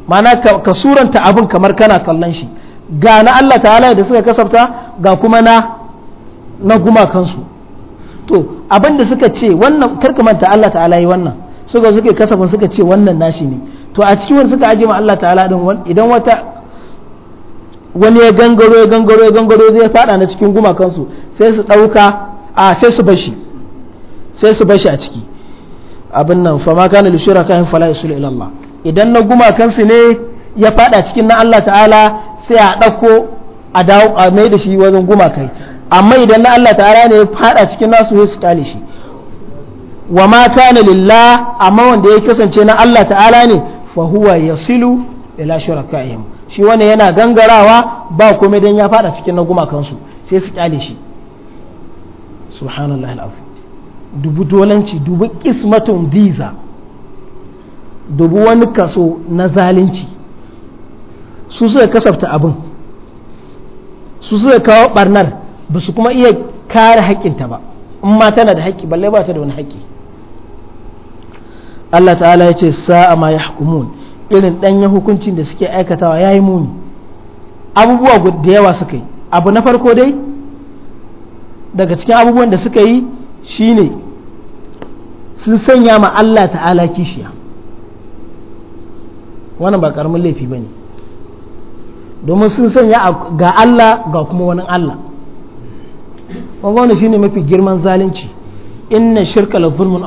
ma'ana ka suranta abin kamar kana kallon shi ga na Allah ta'ala da suka kasafta ga kuma na na gumakansu to abin da suka ce wannan karkamanta Allah ta'ala yi wannan suka suke kasafin suka ce wannan nashi ne to a cikin wani suka ajima Allah ta'ala din idan wata wani ya gangaro ya gangaro ya gangaro zai fada na cikin gumakansu sai su ɗauka a sai su bashi sai su bashi a ciki abin nan fa ma kana lishura kayan fala yasul ila Allah idan na gumakansu ne ya fada cikin na Allah ta'ala sai a ɗauko a dawo a mai da shi wajen gumakai amma idan na Allah ta'ala ne ya fada cikin nasu sai su kale shi wa ma kana lillah amma wanda ya kasance na Allah ta'ala ne fa huwa yasilu ila shurakaihim shi wani yana gangarawa ba komai dan ya fada cikin na gumakansu sai su kale shi subhanallahi alazim dubu dolanci dubu kismatun visa dubu wani kaso na zalunci su suka kasafta abin su suka kawo barnar ba su kuma iya kare haƙƙinta ba in ma tana da haƙƙi balle ba ta da wani haƙƙi Allah ta'ala ya ce sa'a ma ya hukumun irin ɗanyen hukuncin da suke aikatawa ya yi muni abubuwa da yawa suka yi abu na farko dai daga cikin abubuwan da suka yi shine sun sanya ma Allah ta'ala kishiya wannan ba karamin laifi ba ne domin sun sanya ga Allah ga kuma wani Allah wanda wani shine mafi girman zalunci inna shirka la zulmun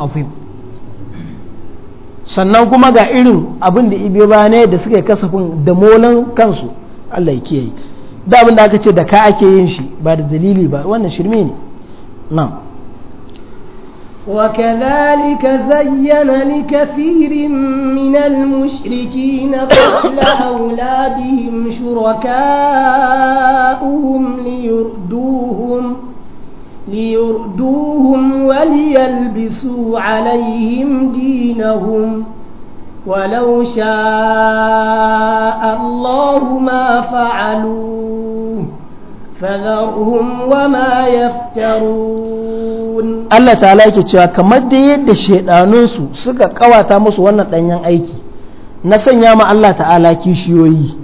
sannan kuma ga irin abin da ibe ba ne da suka kasafin da molan kansu Allah ya kiyaye da abin da aka ce da ka ake yin shi ba da dalili ba wannan shirme ne na'am وكذلك زين لكثير من المشركين قتل أولادهم شركاؤهم ليردوهم ليردوهم وليلبسوا عليهم دينهم ولو شاء الله ما فعلوه فذرهم وما يفترون الله تعالى yake cewa kamar da yadda shaiɗanunsu suka kawata musu wannan danyen aiki na sanya ma Allah ta'ala kishiyoyi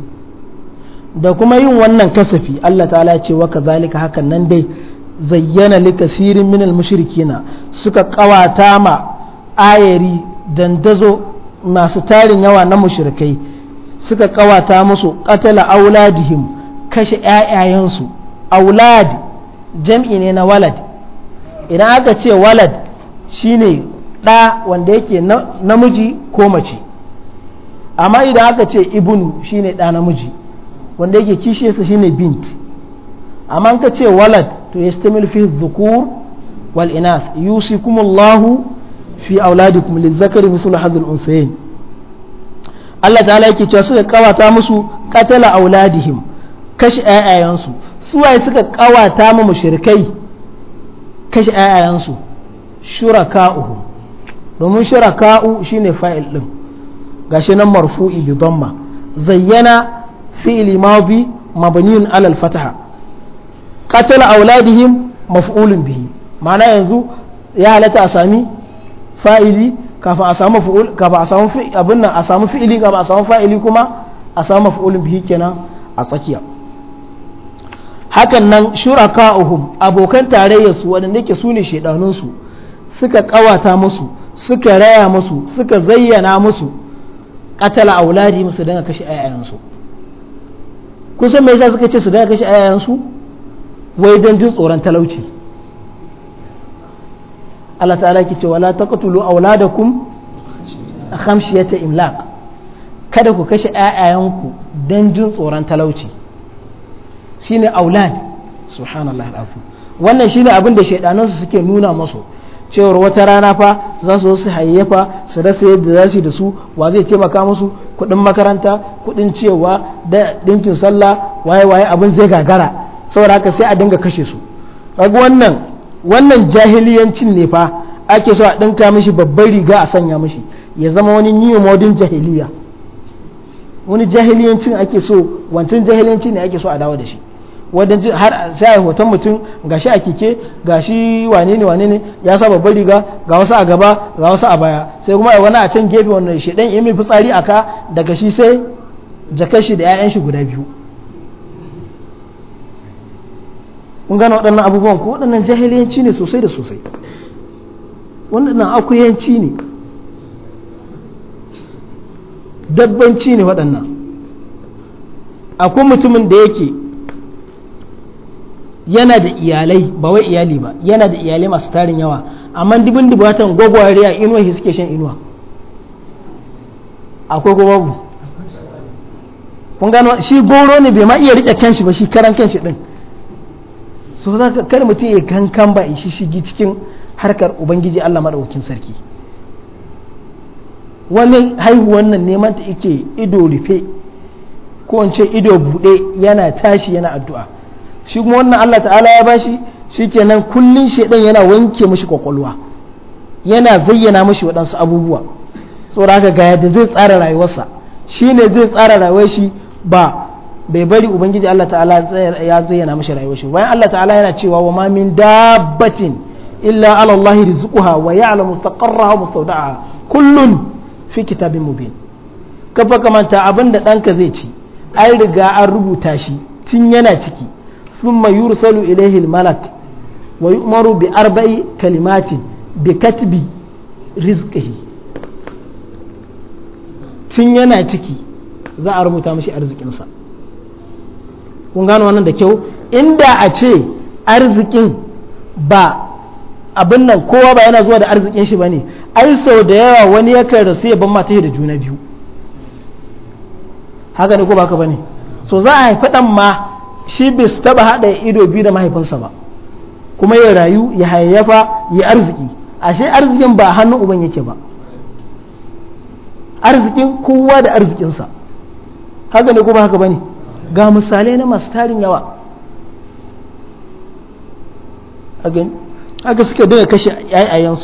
da kuma yin wannan kasafi Allah ta'ala ya ce wa kazalika hakan nan dai zayyana kasirin minal mushrikina suka kawata ma ayari dandazo masu tarin yawa na mushrikai suka kawata musu qatala auladihim kashe 'ya'yayensu aulad jam'i ne na walad idan aka ce walad shine ɗa wanda yake namiji ko mace amma idan aka ce ibnu shine ɗa namiji wanda yake kishiyarsa shine bint amma ka ce walad to ya yastamil fi dhukur wal inas Allahu fi auladikum zakari mithlu hadhil unsayen Allah ta'ala yake cewa suka kawata musu qatala auladihim kashi ayayansu suwaye suka kawata mu mushrikai kashe ayayansu shuraka'u domin shuraka'u shine fa'il din gashi nan marfu'i bi dhamma zayyana fi'li madi mabniyun ala al-fataha qatala awladihim maf'ulun bihi ma'ana yanzu ya halatta a sami fa'ili kafin a samu fa'ul kafin a samu abin nan a samu fi'ili kafin a samu fa'ili kuma a samu maf'ulun bihi kenan a tsakiya hakan nan shuraka'uhum abokan tarayyarsu waɗanda ke su ne shaidanunsu suka kawata musu suka raya musu suka zayyana musu katala auladi musu danga kashe ayayansu kusan me yasa suka ce su danga kashe ayayansu wai don jin tsoron talauci Allah ta'ala ki ce wala taqtulu auladakum khamshiyata imlaq kada ku kashe ayayanku don jin tsoron talauci shine aulad subhanallah alazim wannan shine abin da shaidanansu suke nuna musu cewa wata rana fa za su su hayyafa su rasa yadda za su da su wa zai taimaka musu kuɗin makaranta kuɗin cewa da dinkin sallah waye waye abin zai gagara saboda haka sai a dinga kashe su kaga wannan wannan jahiliyancin ne fa ake so a dinka mishi babbar riga a sanya mishi ya zama wani new modern jahiliya wani jahiliyancin ake so wancan jahiliyanci ne ake so a dawo da shi wadan har sai a hoton mutum ga shi a kike shi wane ne wane ne ya sa babbar riga ga wasu a gaba ga wasu a baya sai kuma wani a can gefe wani shi dan mai fitsari a ka daga shi sai jakar shi da 'ya'yan shi guda biyu kun gane waɗannan abubuwan ko waɗannan jahiliyanci ne sosai da sosai waɗannan akuyanci ne dabbanci ne waɗannan akwai mutumin da yake yana da iyalai ba wai iyali ba yana da iyalai masu tarin yawa amma dubin dubatan gwagwariya inuwa shi suke shan inuwa akwai ko babu kun gano shi goro ne bai ma iya rike kanshi ba shi karan kanshi din so za ka kar mutum ya kankan ba shi shigi cikin harkar ubangiji Allah madaukakin sarki wani haihuwan nan neman ta ike ido rufe ko in ido buɗe yana tashi yana addu'a shi kuma wannan Allah ta'ala ya bashi shikenan kullun shedan yana wanke mishi kwakwalwa yana zayyana mishi waɗansu abubuwa saboda haka ga yadda zai tsara rayuwarsa shi ne zai tsara rayuwar shi ba bai bari ubangiji Allah ta'ala ya zayyana mishi rayuwar shi bayan Allah ta'ala yana cewa wa ma min dabbatin illa ala Allah rizquha wa ya'lamu mustaqarraha wa mustawda'aha kullun fi kitabin mubin kafa kamanta abin da ɗanka zai ci an riga an rubuta shi tun yana ciki sun mai yursalu ilaihi malak wa yu'maru bi arba'i kalimatin bi katbi rizqihi tun yana ciki za a rubuta mashi arzikinsa kun gano wannan da kyau inda a ce arzikin ba abin nan kowa ba yana zuwa da arzikin shi bane ai sau da yawa wani ya kai rasu ya ban mata da juna biyu haka ne ko baka bane so za a haifi dan ma shi bai su taba hada ido biyu da mahaifinsa ba kuma ya rayu ya hayayyafa ya arziki ashe arzikin ba hannun uban yake ba arzikin kowa da arzikinsa haka ne ko ba haka bane ga misalai na masu tarin yawa a gani haka suka dinga kashe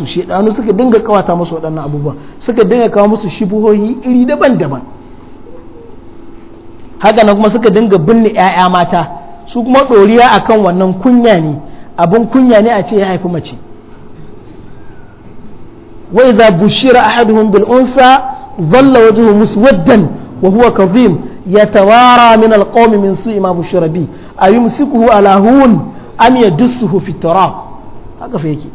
shi ɗanu suka dinga kawata musu waɗannan abubuwa suka dinga kawo musu shibuhohi iri daban-daban haka na kuma suka dinga binne yaya mata su kuma ɗoriya akan wannan kunya ne abin kunya ne a ce ya haifi mace wa idza bushira ahaduhum bil unsa dhalla wajhuhu muswaddan wa huwa kadhim yatawara min al qawmi min su'i ma bushira bi ayumsikuhu ala hun am yadussuhu fi turab haka fa yake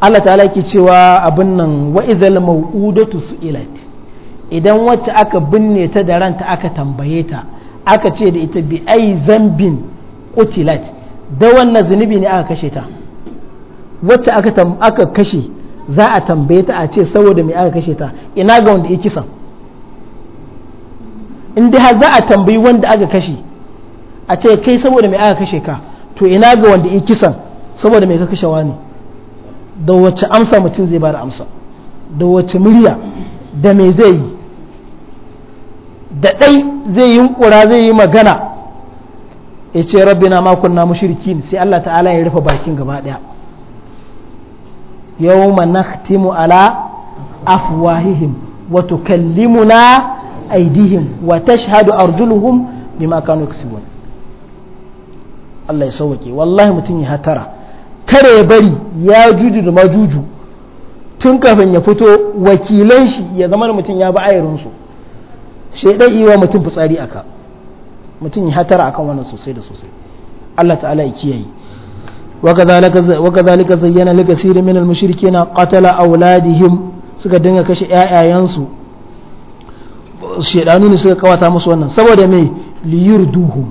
Allah ta'ala yake cewa abin nan wa idhal maw'udatu su'ilat idan wacce aka binne ta da ranta aka tambaye ta aka ce da ita bi ai zambin qutilat da wannan zunubi ne aka kashe ta wacce aka aka kashe za a tambaye ta a ce saboda me aka kashe ta ina ga wanda yake kisan in dai har za a tambayi wanda aka kashe a ce kai saboda me aka kashe ka to ina ga wanda yi kisan saboda mai ka kashe wani da wacce amsa mutum zai bada amsa da wacce murya da me zai yi da ɗai zai yi ƙura zai yi magana ya ce rabbi na makon na mushrikin sai Allah ta'ala ya rufe bakin gaba ɗaya yau timu ala afwahihim wa tukallimuna aidihim wa tashhadu arjuluhum bima kanu yaksubun Allah ya sauwake wallahi mutum ya hatara kare ya bari ya juju da majuju tun kafin ya fito wakilan shi ya zama da mutum ya bi ayarinsu shaidan iya mutum fitsari aka mutum ya hatara akan wannan sosai da sosai Allah ta'ala ya kiyaye وكذلك زين لكثير من المشركين قتل أولادهم suka dinga kashe ƴaƴayensu. shaidanu ne suka kawata musu wannan saboda mai liyur duhu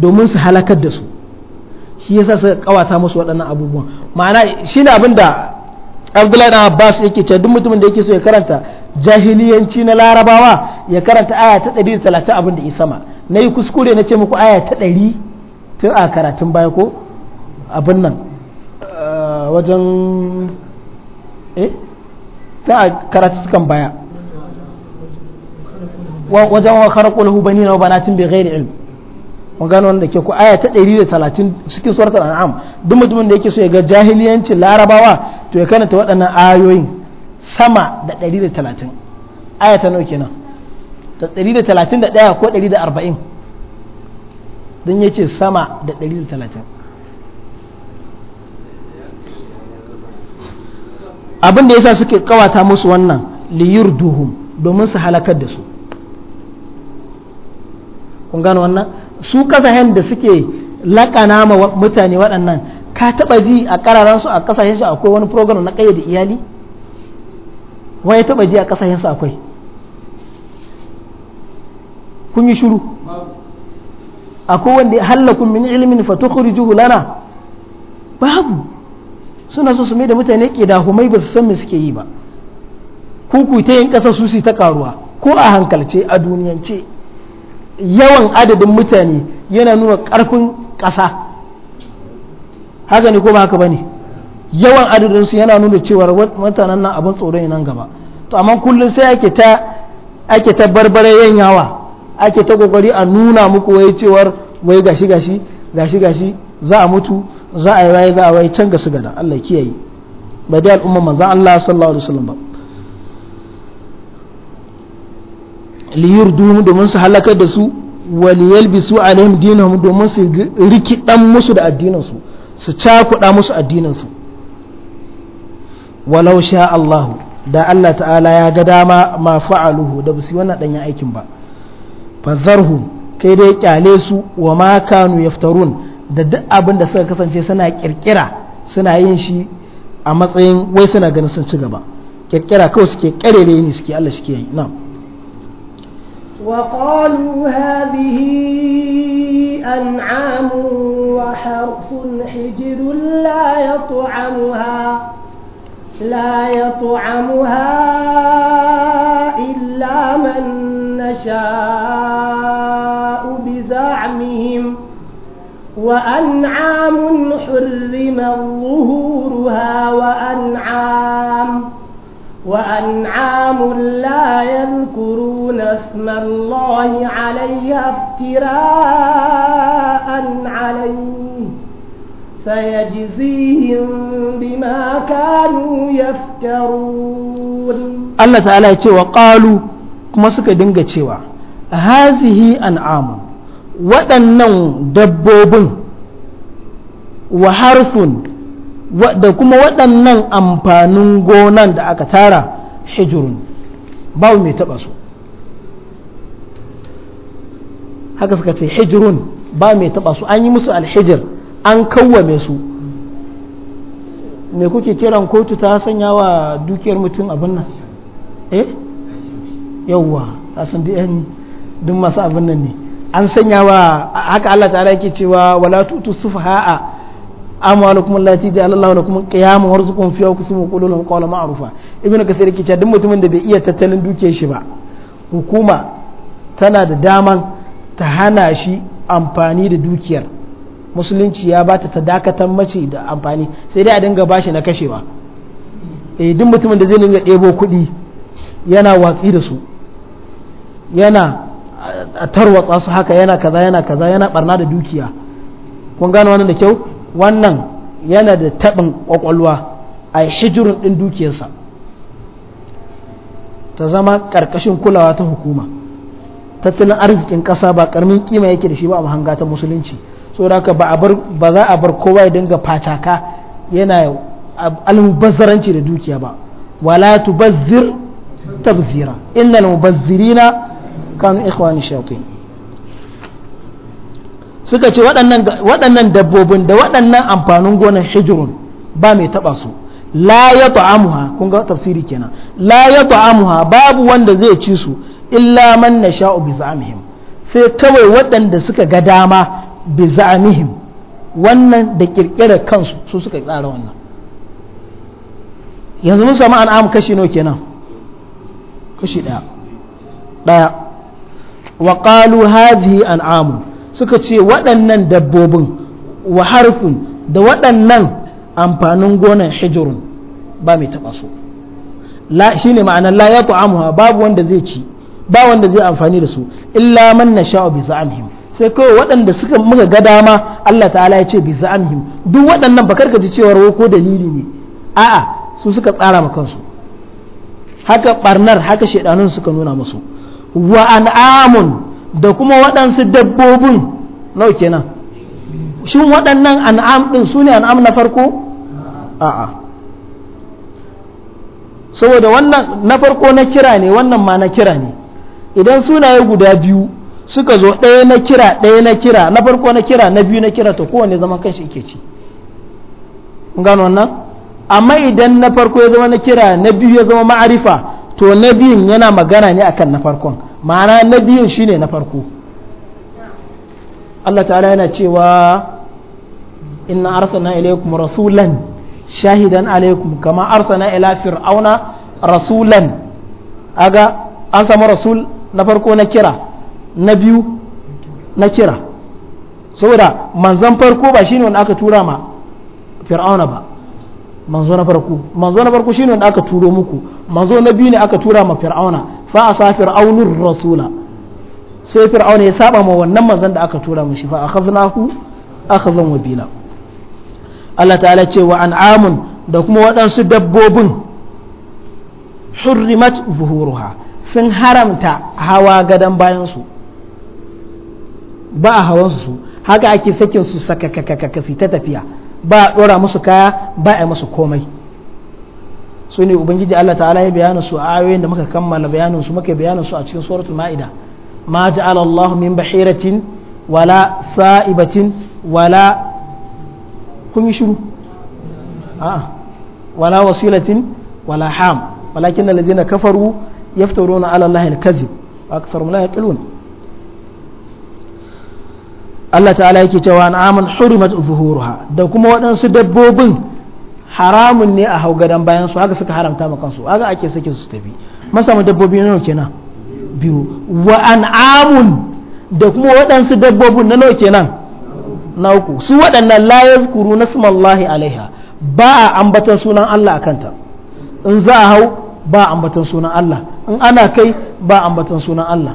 domin su halakar da su shi yasa suka kawata musu waɗannan abubuwan ma'ana shi ne abin da abdullahi dan abbas yake cewa duk mutumin da yake so ya karanta jahiliyanci na larabawa ya karanta aya ta 130 abin da isama na yi kuskure na ce muku aya ta 100 tun a karatun baya ko abin nan eh, wajen eh, ta a karatu sukan baya wajen wa kharaqul na wa banatin bi ghairi ilm mun gano wanda ke ku aya ta 130 cikin suratul an'am duk mutumin da yake so ya ga jahiliyanci larabawa to ya karanta waɗannan ayoyin sama da 130 aya ta nawa kenan ta 131 ko 140 don ya ce sama da 130 abin da yasa suke kawata musu wannan duhu domin su halakar da su kun gano wannan su kasashen da suke lakana ma mutane waɗannan ka taɓa ji a ƙararan su a kasashen su akwai wani program na ƙayyade iyali waye taɓa ji a kasashen su akwai kun yi shiru akwai wanda hallakun min ilimin fatukhrijuhu lana babu suna so su mai da mutane ke da humai ba su san me suke yi ba ku ta yin ƙasa su ta karuwa ko a hankalce a duniyance yawan adadin mutane yana nuna ƙarfin ƙasa haka ne ko ba haka ba ne yawan adadinsu yana nuna cewar mutanen nan abin tsoron nan gaba to amma kullum sai ake ta ake ta barbare yan yawa ake ta kokari a nuna muku wai cewar wai gashi gashi gashi gashi za a mutu za a yi waye za a waye can gasu gada Allah kiyaye ba dai al'umma manzan Allah sallallahu alaihi wasallam ba liyurdu domin su halakar da su waliyalbisu alaihim dinahum domin su riki dan musu da addinin su su cakuɗa musu su walau sha Allahu da Allah ta'ala ya ga dama ma fa'aluhu da su wannan ya aikin ba fazarhu kai dai kyale su wa ma kanu yaftarun da duk abin da suka kasance suna kirkira suna yin shi a matsayin wai suna ganin sun ci gaba kirkira kawai suke kare ne suke Allah shi ke yi na'am وقالوا هذه أنعام وحرف حجر لا يطعمها لا يطعمها إلا من نشاء بزعمهم وأنعام حرم ظهورها وأنعام وأنعام لا يذكرون يذكرون اسم الله عليها افتراء عليه سيجزيهم بما كانوا يفترون الله تعالى يقول وقالوا كما سكا دنجا تشوى هذه أنعام waɗannan dabbobin wa harsun da kuma waɗannan amfanin gonan da aka tara hijirun ba mai taɓa su haka suka ce hijirun ba mai taba su an yi musu alhijir an kawwame su me kuke kiran kotu ta sanya wa dukiyar mutum abin nan eh yawwa ta san da yan duk masu abin nan ne an sanya wa haka Allah ta'ala yake cewa wala tutu sufaha'a amwalukum allati ja'ala Allahu lakum qiyaman warzuqum fiha kusumu qululun qawla ma'rufa ibnu kathir yake cewa duk mutumin da bai iya tattalin dukiyar shi ba hukuma tana da daman ta hana shi amfani da dukiyar musulunci ya ba ta dakatar mace da amfani sai dai a dinga bashi na kashewa eh duk mutumin da zai dinga ɗebo kuɗi yana watsi da su yana a tarwatsa su haka yana kaza yana kaza yana barna da dukiya kun gane wannan da kyau wannan yana da taɓin ƙwaƙwalwa a hijirin ɗin dukiyarsa ta zama ƙarƙashin kulawa ta hukuma tattalin arzikin ƙasa ba karamin kima yake da shi ba a mahanga ta musulunci saboda ba za a bar kowa ya dinga fataka yana almubazzaranci da dukiya ba wala tubazzir tabzira innal mubazzirina kanu ikhwani shayatin suka ce waɗannan dabbobin da waɗannan amfanin gonar hijirun ba mai taba su la ya ta'amuha kun ga tafsiri kenan la ya ta'amuha babu wanda zai ci su illa man nasha'u bi za'amihim sai kawai waɗanda suka ga dama bi za'amihim wannan da ƙirƙirar kansu su suka tsara wannan yanzu mun samu an'am kashi nawa kenan kashi ɗaya ɗaya wa qalu hadhihi an'amu suka ce waɗannan dabbobin wa harfun da waɗannan amfanin gonan hijirun ba mai taɓa so la shine ma'anar la ya babu wanda zai ci ba wanda zai amfani da su illa man nasha'u bi za'amhim sai kawai waɗanda suka muka ga dama Allah ta'ala ya ce bi za'amhim duk waɗannan ba karka ji cewa ko dalili ne a'a su suka tsara ma kansu haka barnar haka shedanun suka nuna musu wa an'amun da kuma waɗansu dabbobin nau kenan shin waɗannan an'am ɗin su ne an'am na farko a'a saboda wannan na farko na kira ne wannan ma na kira ne idan sunaye guda biyu suka zo ɗaya na kira ɗaya na kira na farko na kira na biyu na kira to kowane zaman kanshi yake ci gano wannan amma idan na farko ya zama na kira na biyu ya zama ma'arifa to na biyun yana magana ne akan na farkon ma'ana na biyun shine na farko Allah ta'ala yana cewa inna arsalna ilaykum rasulan shahidan alaykum kama arsana ila fir'auna rasulan aga an samu rasul na farko na kira na biyu na kira saboda manzon farko ba shine wanda aka tura ma fir'auna ba manzo na farko manzo na farko shine wanda aka turo muku manzo na biyu ne aka tura ma fir'auna fa asa fir'aunur rasula sai fir'auna ya saba ma wannan manzon da aka tura mishi fa akhadnahu akhadhan wabila Allah ta'ala ce wa an'amun da kuma waɗansu dabbobin hurrimat zuhuruha sun haramta hawa gadon bayansu ba a hawansu su haka ake sakin su sakakakakasi ta tafiya ba a ɗora musu kaya ba a yi musu komai su ne ubangiji Allah ta'ala ya bayanin su a ayoyin da muka kammala bayanin su muka bayanin su a cikin suratul ma'ida ma ja'ala Allah min bahiratin wala sa'ibatin wala kun yi shiru wala wasilatin wala ham walakin alladhina kafaru يفترون على الله الكذب أكثرهم لا يقلون Allah ta ala yake cewa na'amun hurimat zuhuruha da kuma waɗansu dabbobin haramun ne a hau gadon bayan su haka suka haramta ma kansu haka ake sake su tafi masamu dabbobi nawa kenan biyu wa an'amun da kuma waɗansu dabbobin na nawa kenan na uku su waɗannan la yazkuru nasmallahi alaiha ba a ambatan sunan Allah a kanta in za a hau ba ambaton sunan Allah in ana kai ba ambaton sunan Allah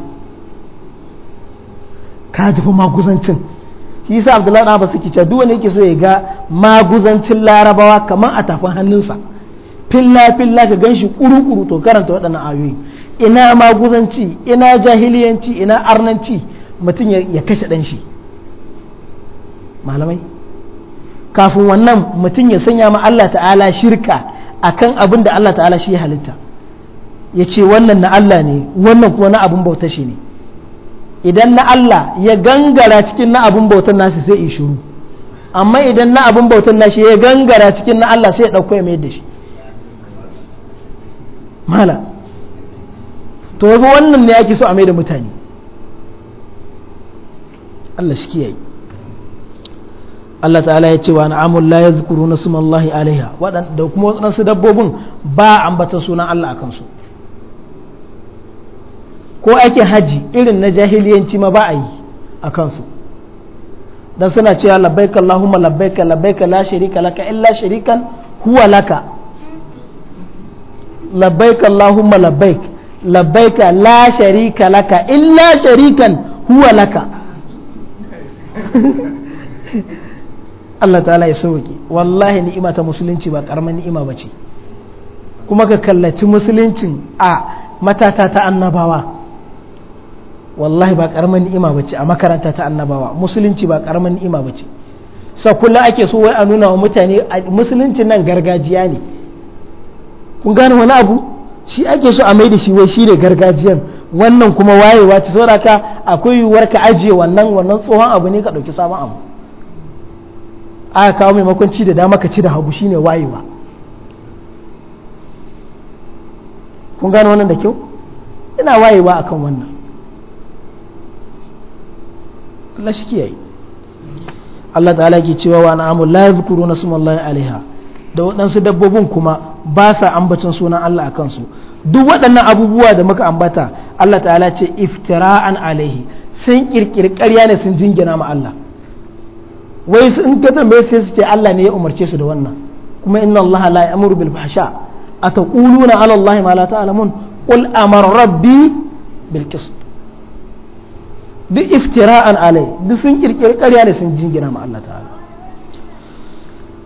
ka tafi maguzancin shi yasa Abdullahi Abba suke cewa duk wanda yake so ya ga maguzancin Larabawa kamar a tafin hannunsa filla filla ka ganshi kurukuru kuru to karanta waɗannan ayoyi ina maguzanci ina jahiliyanci ina arnanci mutum ya kashe ɗanshi shi malamai kafin wannan mutum ya sanya ma Allah ta'ala shirka akan abin da Allah ta'ala shi ya halitta ya ce wannan na Allah ne wannan kuma na abin bauta shi ne idan na Allah ya gangara cikin na abin bautan nasu sai in shiru amma idan na abin bautan nashi ya gangara cikin na Allah sai ya ɗauko ya mayar da shi mala to wannan ne yake so a mai da mutane Allah shi kiyaye Allah ta'ala ya ce wa na'amun la yadhkuru nasmallahi alaiha da kuma waɗansu dabbobin ba ambata sunan Allah a su ko ake haji irin na jahiliyanci ma ba a yi a su dan suna cewa labbaika allahumma labbaika labbaika la sharika laka illa sharikan huwa laka labbaika allahumma labbaik labbaika la sharika laka illa sharikan huwa laka Allah ta'ala ya sauke wallahi ni'ima ta musulunci ba karamar ni'ima ba ce kuma ka kallaci musuluncin a matata ta annabawa wallahi ba karamar ni'ima ba ce a makaranta ta annabawa musulunci ba karamar ni'ima ba ce sa kullum ake so wai a nuna wa mutane musuluncin nan gargajiya ne kun gane wani abu shi ake so a mai da shi wai shi ne gargajiyan wannan kuma wayewa ce saboda ka akwai yiwuwar ka ajiye wannan wannan tsohon abu ne ka ɗauki sabon abu aka kawo maimakon ci da dama ka ci da hagu shine wayewa kun gano wannan da kyau ina wayewa akan wannan Allah shi kiyaye Allah ta'ala ke cewa wa na'amu la yadhkuruna smallahi alaiha da waɗansu dabbobin kuma ba sa ambacin sunan Allah a kansu duk waɗannan abubuwa da muka ambata Allah ta'ala ce iftira'an alaihi sun kirkiri ƙarya ne sun jingina ma Allah wai in ka tambaye sai su ce Allah ne ya umarce su da wannan kuma inna Allah la ya'muru bil fahsha ataquluna ala Allah ma la ta'lamun qul amara rabbi bil qist duk iftira'an alai duk sun kirkiri ƙarya ne sun jingina ma Allah ta'ala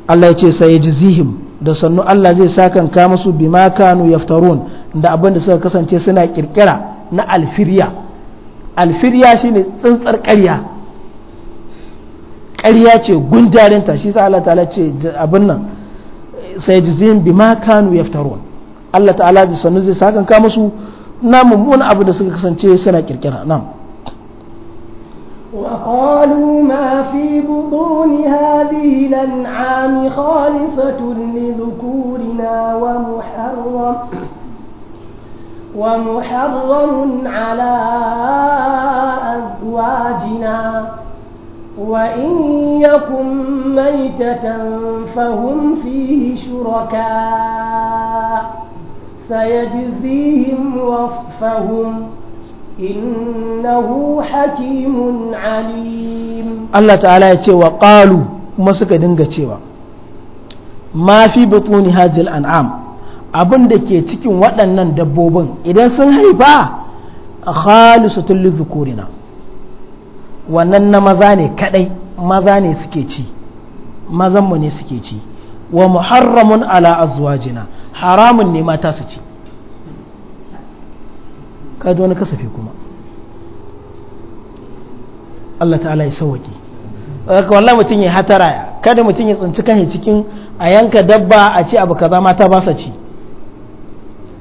Allah ya ce sai jizihim da sannu Allah zai sakan ka musu bima kanu yaftarun da abin da suka kasance suna kirkira na alfirya alfirya shine tsintsar ƙarya ƙarya ce gundarinta shi sa Allah ta'ala ce abin nan sai jizin bi ma kanu yaftarun Allah ta'ala da sannu zai sakan ka musu na mummuna abu da suka kasance suna kirkira na'am وقالوا ما في بطون هذه الأنعام خالصة لذكورنا ومحرم ومحرم على أزواجنا وإن يكن ميتة فهم فيه شركاء سيجزيهم وصفهم innahu hakimun alim Allah ta'ala ya ce wa qalu kuma suka dinga cewa mafi fi butuni an'am abin da ke cikin waɗannan dabbobin idan sun haifa a khalisatul lidhukurina wannan na maza ne kadai maza ne suke ci mazanmu ne suke ci wa muharramun ala azwajina haramun ne mata su ci kada wani kasafi kuma Allah ta'ala ya sauwaki wallahi mutum ya hatara kada mutum ya tsinci kan cikin a yanka dabba a ci abu kaza mata ba sa ci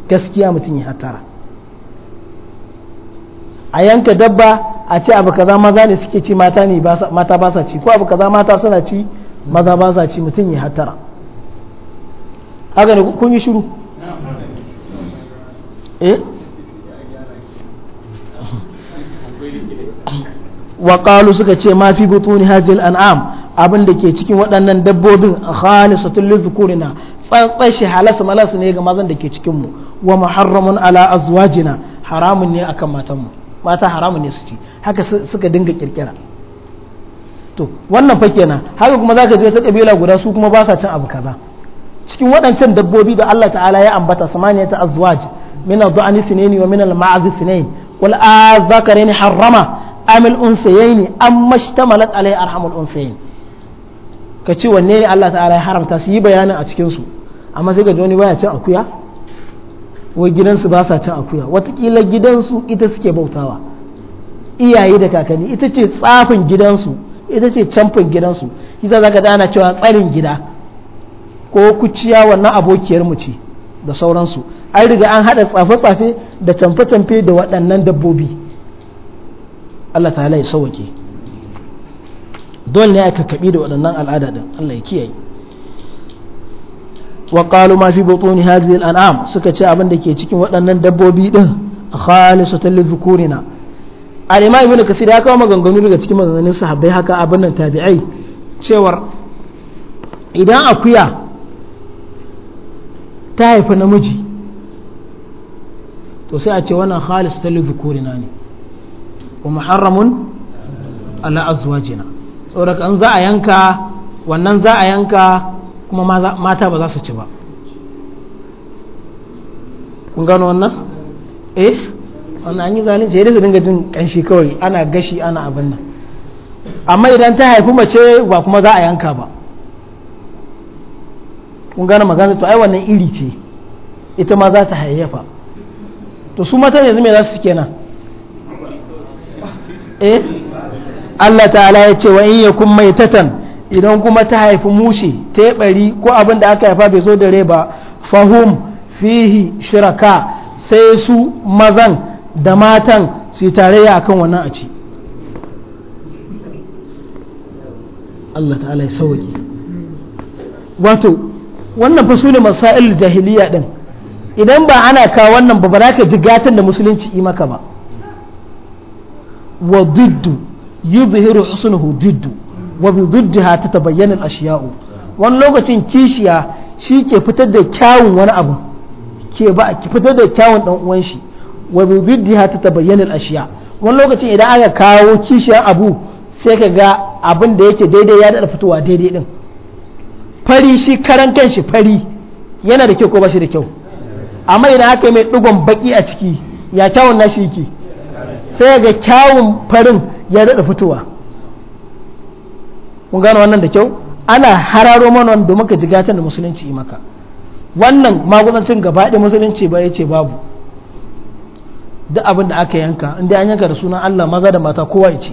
gaskiya mutum ya hatara a yanka dabba a ce abu kaza maza ne suke ci mata ne mata ba sa ci ko abu kaza mata suna ci maza ba sa ci mutum ya hattara haka ne kun yi shiru eh? wa wa suka ce ma fi butuni hadhihi an'am abin da ke cikin waɗannan dabbobin khalisatul lidhukurina tsantsan shi halasa malasa ne ga mazan da ke cikin mu wa muharramun ala azwajina haramun ne akan matan mu mata haramun ne su ci haka suka dinga kirkira to wannan fa kenan haka kuma zaka ji ta kabila guda su kuma ba sa cin abu kaza cikin waɗancan dabbobi da Allah ta'ala ya ambata samaniya ta azwaj min adani sinaini wa min al-ma'az sinain wal azakarin harrama am al-unsayaini amma ishtamalat alai arhamul unsayain ka ci wanne ne Allah ta'ala ya haramta su yi bayanin a cikin su amma sai ga wani baya cin akuya wai gidansu ba sa cin akuya watakila gidansu ita suke bautawa iyaye da kakanni ita ce tsafin gidansu ita ce camfin gidansu ita za ka dana cewa tsarin gida ko kuciya wannan abokiyar ce da sauransu an riga an haɗa tsafe-tsafe da camfe-camfe da waɗannan dabbobi Allah ta ya sauwake dole ne a kakkaɓi da waɗannan al'ada Allah ya kiyaye wa qalu fi butuni hadhihi al-an'am suka ce abin da ke cikin waɗannan dabbobi din khalisatan li dhukurina al-imam ibnu kasir ya kawo maganganu daga cikin maganganun sahabbai haka abin nan tabi'ai cewar idan akuya ta haifi namiji to sai a ce wannan khalisatan li ne wa za a yanka wannan za a yanka kuma mata ba za su ci ba kun gano wannan eh wannan an yi gani jere su dinga jin kanshi kawai ana gashi ana abin nan amma idan ta haifi mace ba kuma za a yanka ba kun gano magana to ai wannan iri ce ita ma za ta hayayyafa to su mata yanzu me za su kenan eh Allah ta'ala ya ce wa in yakun maitatan idan kuma ta haifi mushi teɓari ko abin da aka haifa bai zo da ba fahum fihi shiraka sai su mazan da matan su yi tarayya kan wannan a ci Allah ta'ala ya sauke wato wannan fa su ne masail jahiliya din idan ba ana kawo wannan ba ba za ka ji gatan da musulunci yi maka ba wa diddu yuzhiru husnuhu diddu wa bi duddiha ta tabayyana al-ashiya'u wani lokacin kishiya shi ke fitar da kyawun wani abu ke ba ki fitar da kyawun dan uwan shi wa bi ta tabayyana al-ashiya wani lokacin idan aka kawo kishiyar abu sai ka ga abin da yake daidai ya daɗa fitowa daidai din fari shi karan kanshi fari yana da kyau ko ba shi da kyau amma idan aka yi mai digon baki a ciki ya kyawun nashi yake sai ga kyawun farin ya daɗa fitowa kun gano wannan da kyau ana hararo mana wanda muka ji gatan da musulunci yi maka wannan magudancin gaba ɗaya musulunci ba ya ce babu duk abin da aka yanka inda an yanka da sunan Allah maza da mata kowa ya ce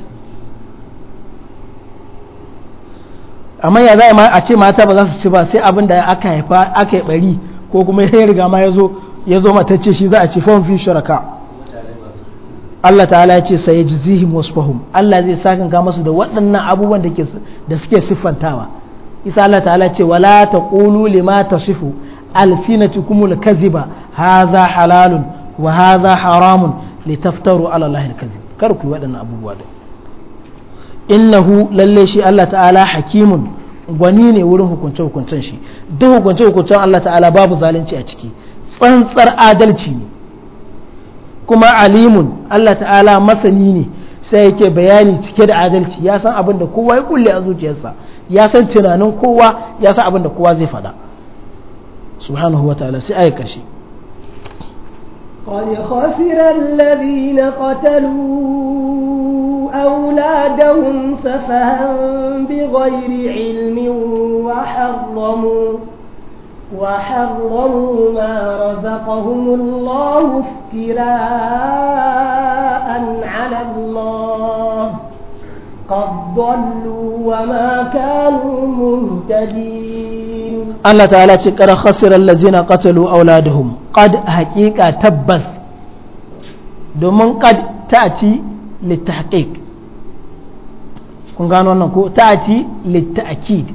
amma ya za a ce mata ba za su ci ba sai abin da aka haifa aka yi bari ko kuma ya riga ma ya zo ya zo ce shi za a ci fam fi shuraka Allah ta'ala ya ce sai ya wasu fahim Allah zai sakan ka masu da waɗannan abubuwan da suke siffantawa isa Allah ta'ala ce wala ƙulu lima tasifu alsinatukum alkaziba haza halalun wa haramun litaftaru ala Allah alkazib kar ku waɗannan abubuwa da innahu lalle shi Allah ta'ala hakimun gwani ne wurin hukunce hukuncen shi duk hukunce hukuncen Allah ta'ala babu zalunci a ciki tsantsar adalci ne kuma alimun Allah ta'ala masani ne sai yake bayani cike da adalci ya san abin da kowa ya kulle a zuciyarsa ya san tunanin kowa ya san abin da kowa zai faɗa subhanahu wa ta'ala sai ayi karshe قد خسر الذين قتلوا أولادهم سفها بغير علم وحرموا وحرموا ما رزقهم الله افتراء على الله قد ضلوا وما كانوا مهتدين الله تعالى تكرى خسر الذين قتلوا أولادهم قد حقيقة تبس domin قد تأتي للتحقيق kun gano نقول تأتي للتأكيد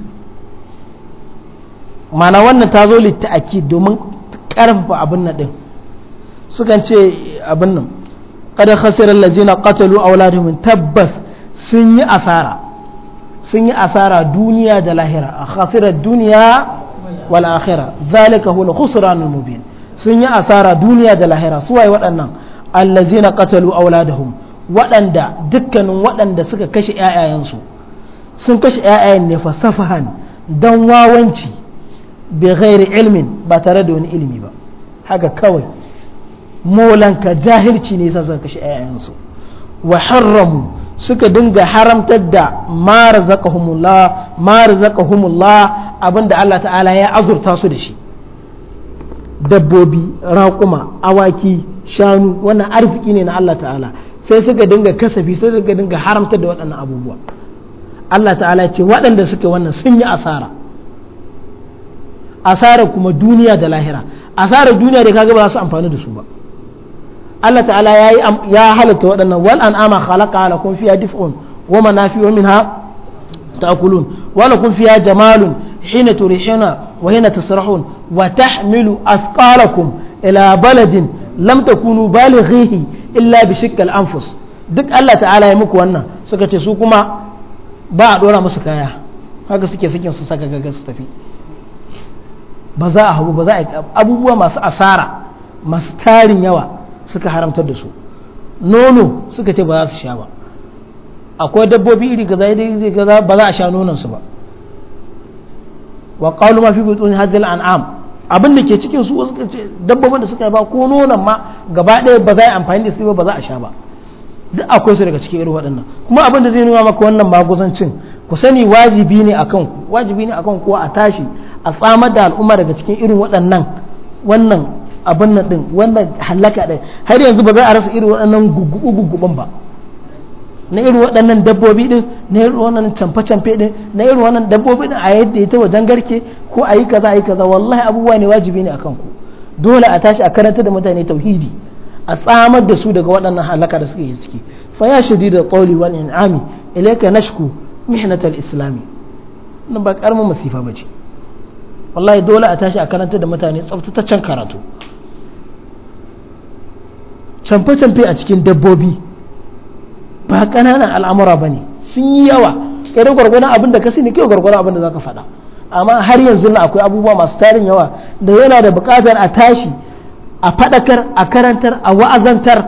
mana wannan ta zo litta'aki domin karfafa abin na ɗin sukan ce abin nan kada khasirar lajina qatalu auladuhum tabbas sun yi asara sun yi asara duniya da lahira a khasirar duniya wal akhira zalika huwa khusranul mubin sun yi asara duniya da lahira su waye waɗannan allazina qatalu auladahum waɗanda dukkanin waɗanda suka kashe ƴaƴayensu sun kashe ƴaƴayen ne safahan dan wawanci bi ghairi ilmin ba tare da wani ilimi ba haka kawai molanka jahilci ne yasa suka kashe ƴaƴansu wa harramu suka dinga haramtar da ma razaqahumullah ma razaqahumullah abinda Allah ta'ala ya azurta su da shi dabbobi raƙuma awaki shanu wannan arziki ne na Allah ta'ala sai suka dinga kasafi sai suka dinga haramtar da waɗannan abubuwa Allah ta'ala ce waɗanda suka wannan sun yi asara asara kuma duniya da lahira asara duniya da kaga ba za su amfani da su ba Allah ta'ala ya ya halatta waɗannan wal an'ama khalaqa lakum fiha dif'un wa manafi'u minha ta'kulun wa lakum fiha jamalun hina turihuna wa hina tasrahun wa tahmilu asqalakum ila baladin lam takunu balighihi illa bi shikkal anfus duk Allah ta'ala ya muku wannan suka ce su kuma ba a dora musu kaya haka suke sakin su saka gagar su tafi ba za a hagu ba za a abubuwa masu asara masu tarin yawa suka haramtar da su nono suka ce ba za su sha ba akwai dabbobi iri gaza iri gaza ba za a sha nonon su ba wa qalu ma fi butun hadhihi an'am abin da ke cikin su suka ce dabbobin da suka yi ba ko nonon ma gaba ɗaya ba za a amfani da su ba ba za a sha ba duk akwai su daga cikin irin waɗannan kuma abin da zai nuna maka wannan maguzancin ku sani wajibi ne akan ku wajibi ne akan kowa a tashi a tsamar da al'umma daga cikin irin waɗannan wannan abin nan ɗin wannan halaka ɗin har yanzu ba za a rasa irin waɗannan guguguban ba na irin waɗannan dabbobi ɗin na irin wannan camfe-camfe ɗin na irin wannan dabbobi ɗin a yadda ita wajen garke ko a yi kaza a yi kaza wallahi abubuwa ne wajibi ne a kanku dole a tashi a karanta da mutane tauhidi a tsamar da su daga waɗannan halaka da suke yi ciki fa ya shidi da qawli wani in'ami ilaika nashku mihnatar islami nan ba karamin masifa ce wallahi dole a tashi a karanta da mutane tsaftataccen karatu canfe-canfe a cikin dabbobi ba ƙananan al'amura ba ne sun yi yawa ƙirin gwargwadon abin da ka sani kyau gwargwadon abin da za ka faɗa amma har yanzu na akwai abubuwa masu tarin yawa da yana da buƙatar a tashi a faɗakar a karantar a wa'azantar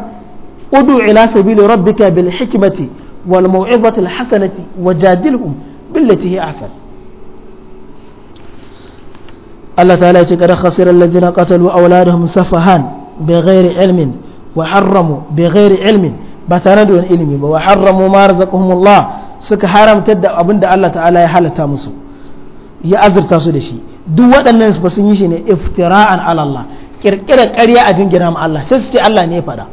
udu ila sabili rabbika bil hikmati wal mau'izati al hasanati wajadilhum billati hi ahsan Allah ta'ala ya ce kada khasirar ladina qatalu awladahum safahan bi ghairi ilmin wa harramu bi ghairi ilmin ba tare da wani ilimi ba wa harramu ma razaqahumullah suka haramta da abin da Allah ta'ala ya halatta musu ya azurta su da shi duk waɗannan su sun yi shi ne iftira'an ala Allah kirkira ƙarya a jingina ma Allah sai su ce Allah ne ya faɗa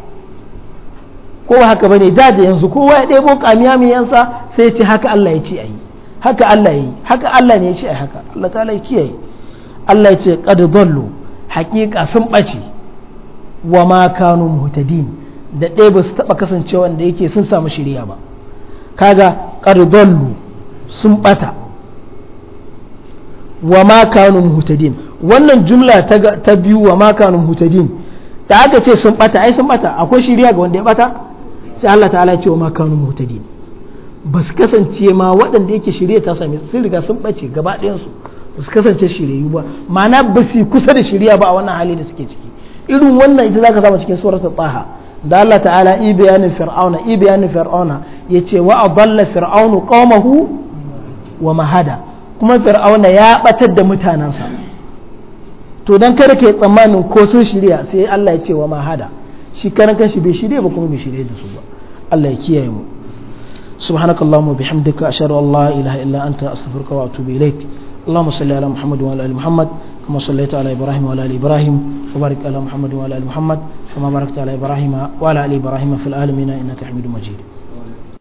ko ba haka bane da yanzu kowa ya ɗebo kamiya sai haka Allah ya yi haka Allah ya ya Allah ya ce qad zollo hakika sun ɓace wa ma kanu muhtadin da ɗaya ba su taɓa kasancewa wanda yake sun samu shirya ba kaga qad zollo sun ɓata wa ma kanu muhtadin wannan jumla ta biyu wa ma kanu muhtadin da aka ce sun ɓata ai sun ɓata akwai shirya ga wanda ya ɓata sai Allah ta'ala ya ce wa ma kanu muhtadin ba su kasance ma waɗanda yake shirya ta same sun riga sun ɓace gaba ɗayansu su ba su kasance shiriyu ba ma'ana ba su kusa da shirya ba a wannan hali da suke ciki irin wannan ita ka samu cikin suratul taha da Allah ta'ala i bayanin fir'auna i bayanin fir'auna ce wa adalla fir'aunu hu wa mahada kuma fir'auna ya batar da mutanansa to dan kada ke tsammanin ko sun shirya sai Allah ya ce wa mahada shi karan kanshi bai shirye ba kuma bai shirye da su ba Allah ya kiyaye mu subhanakallahumma bihamdika ashhadu an la ilaha illa anta astaghfiruka wa atubu ilaik اللهم صل على محمد وعلى ال محمد كما صليت على ابراهيم وعلى ال ابراهيم وبارك على محمد وعلى ال محمد كما باركت على ابراهيم وعلى ال ابراهيم في العالمين انك حميد مجيد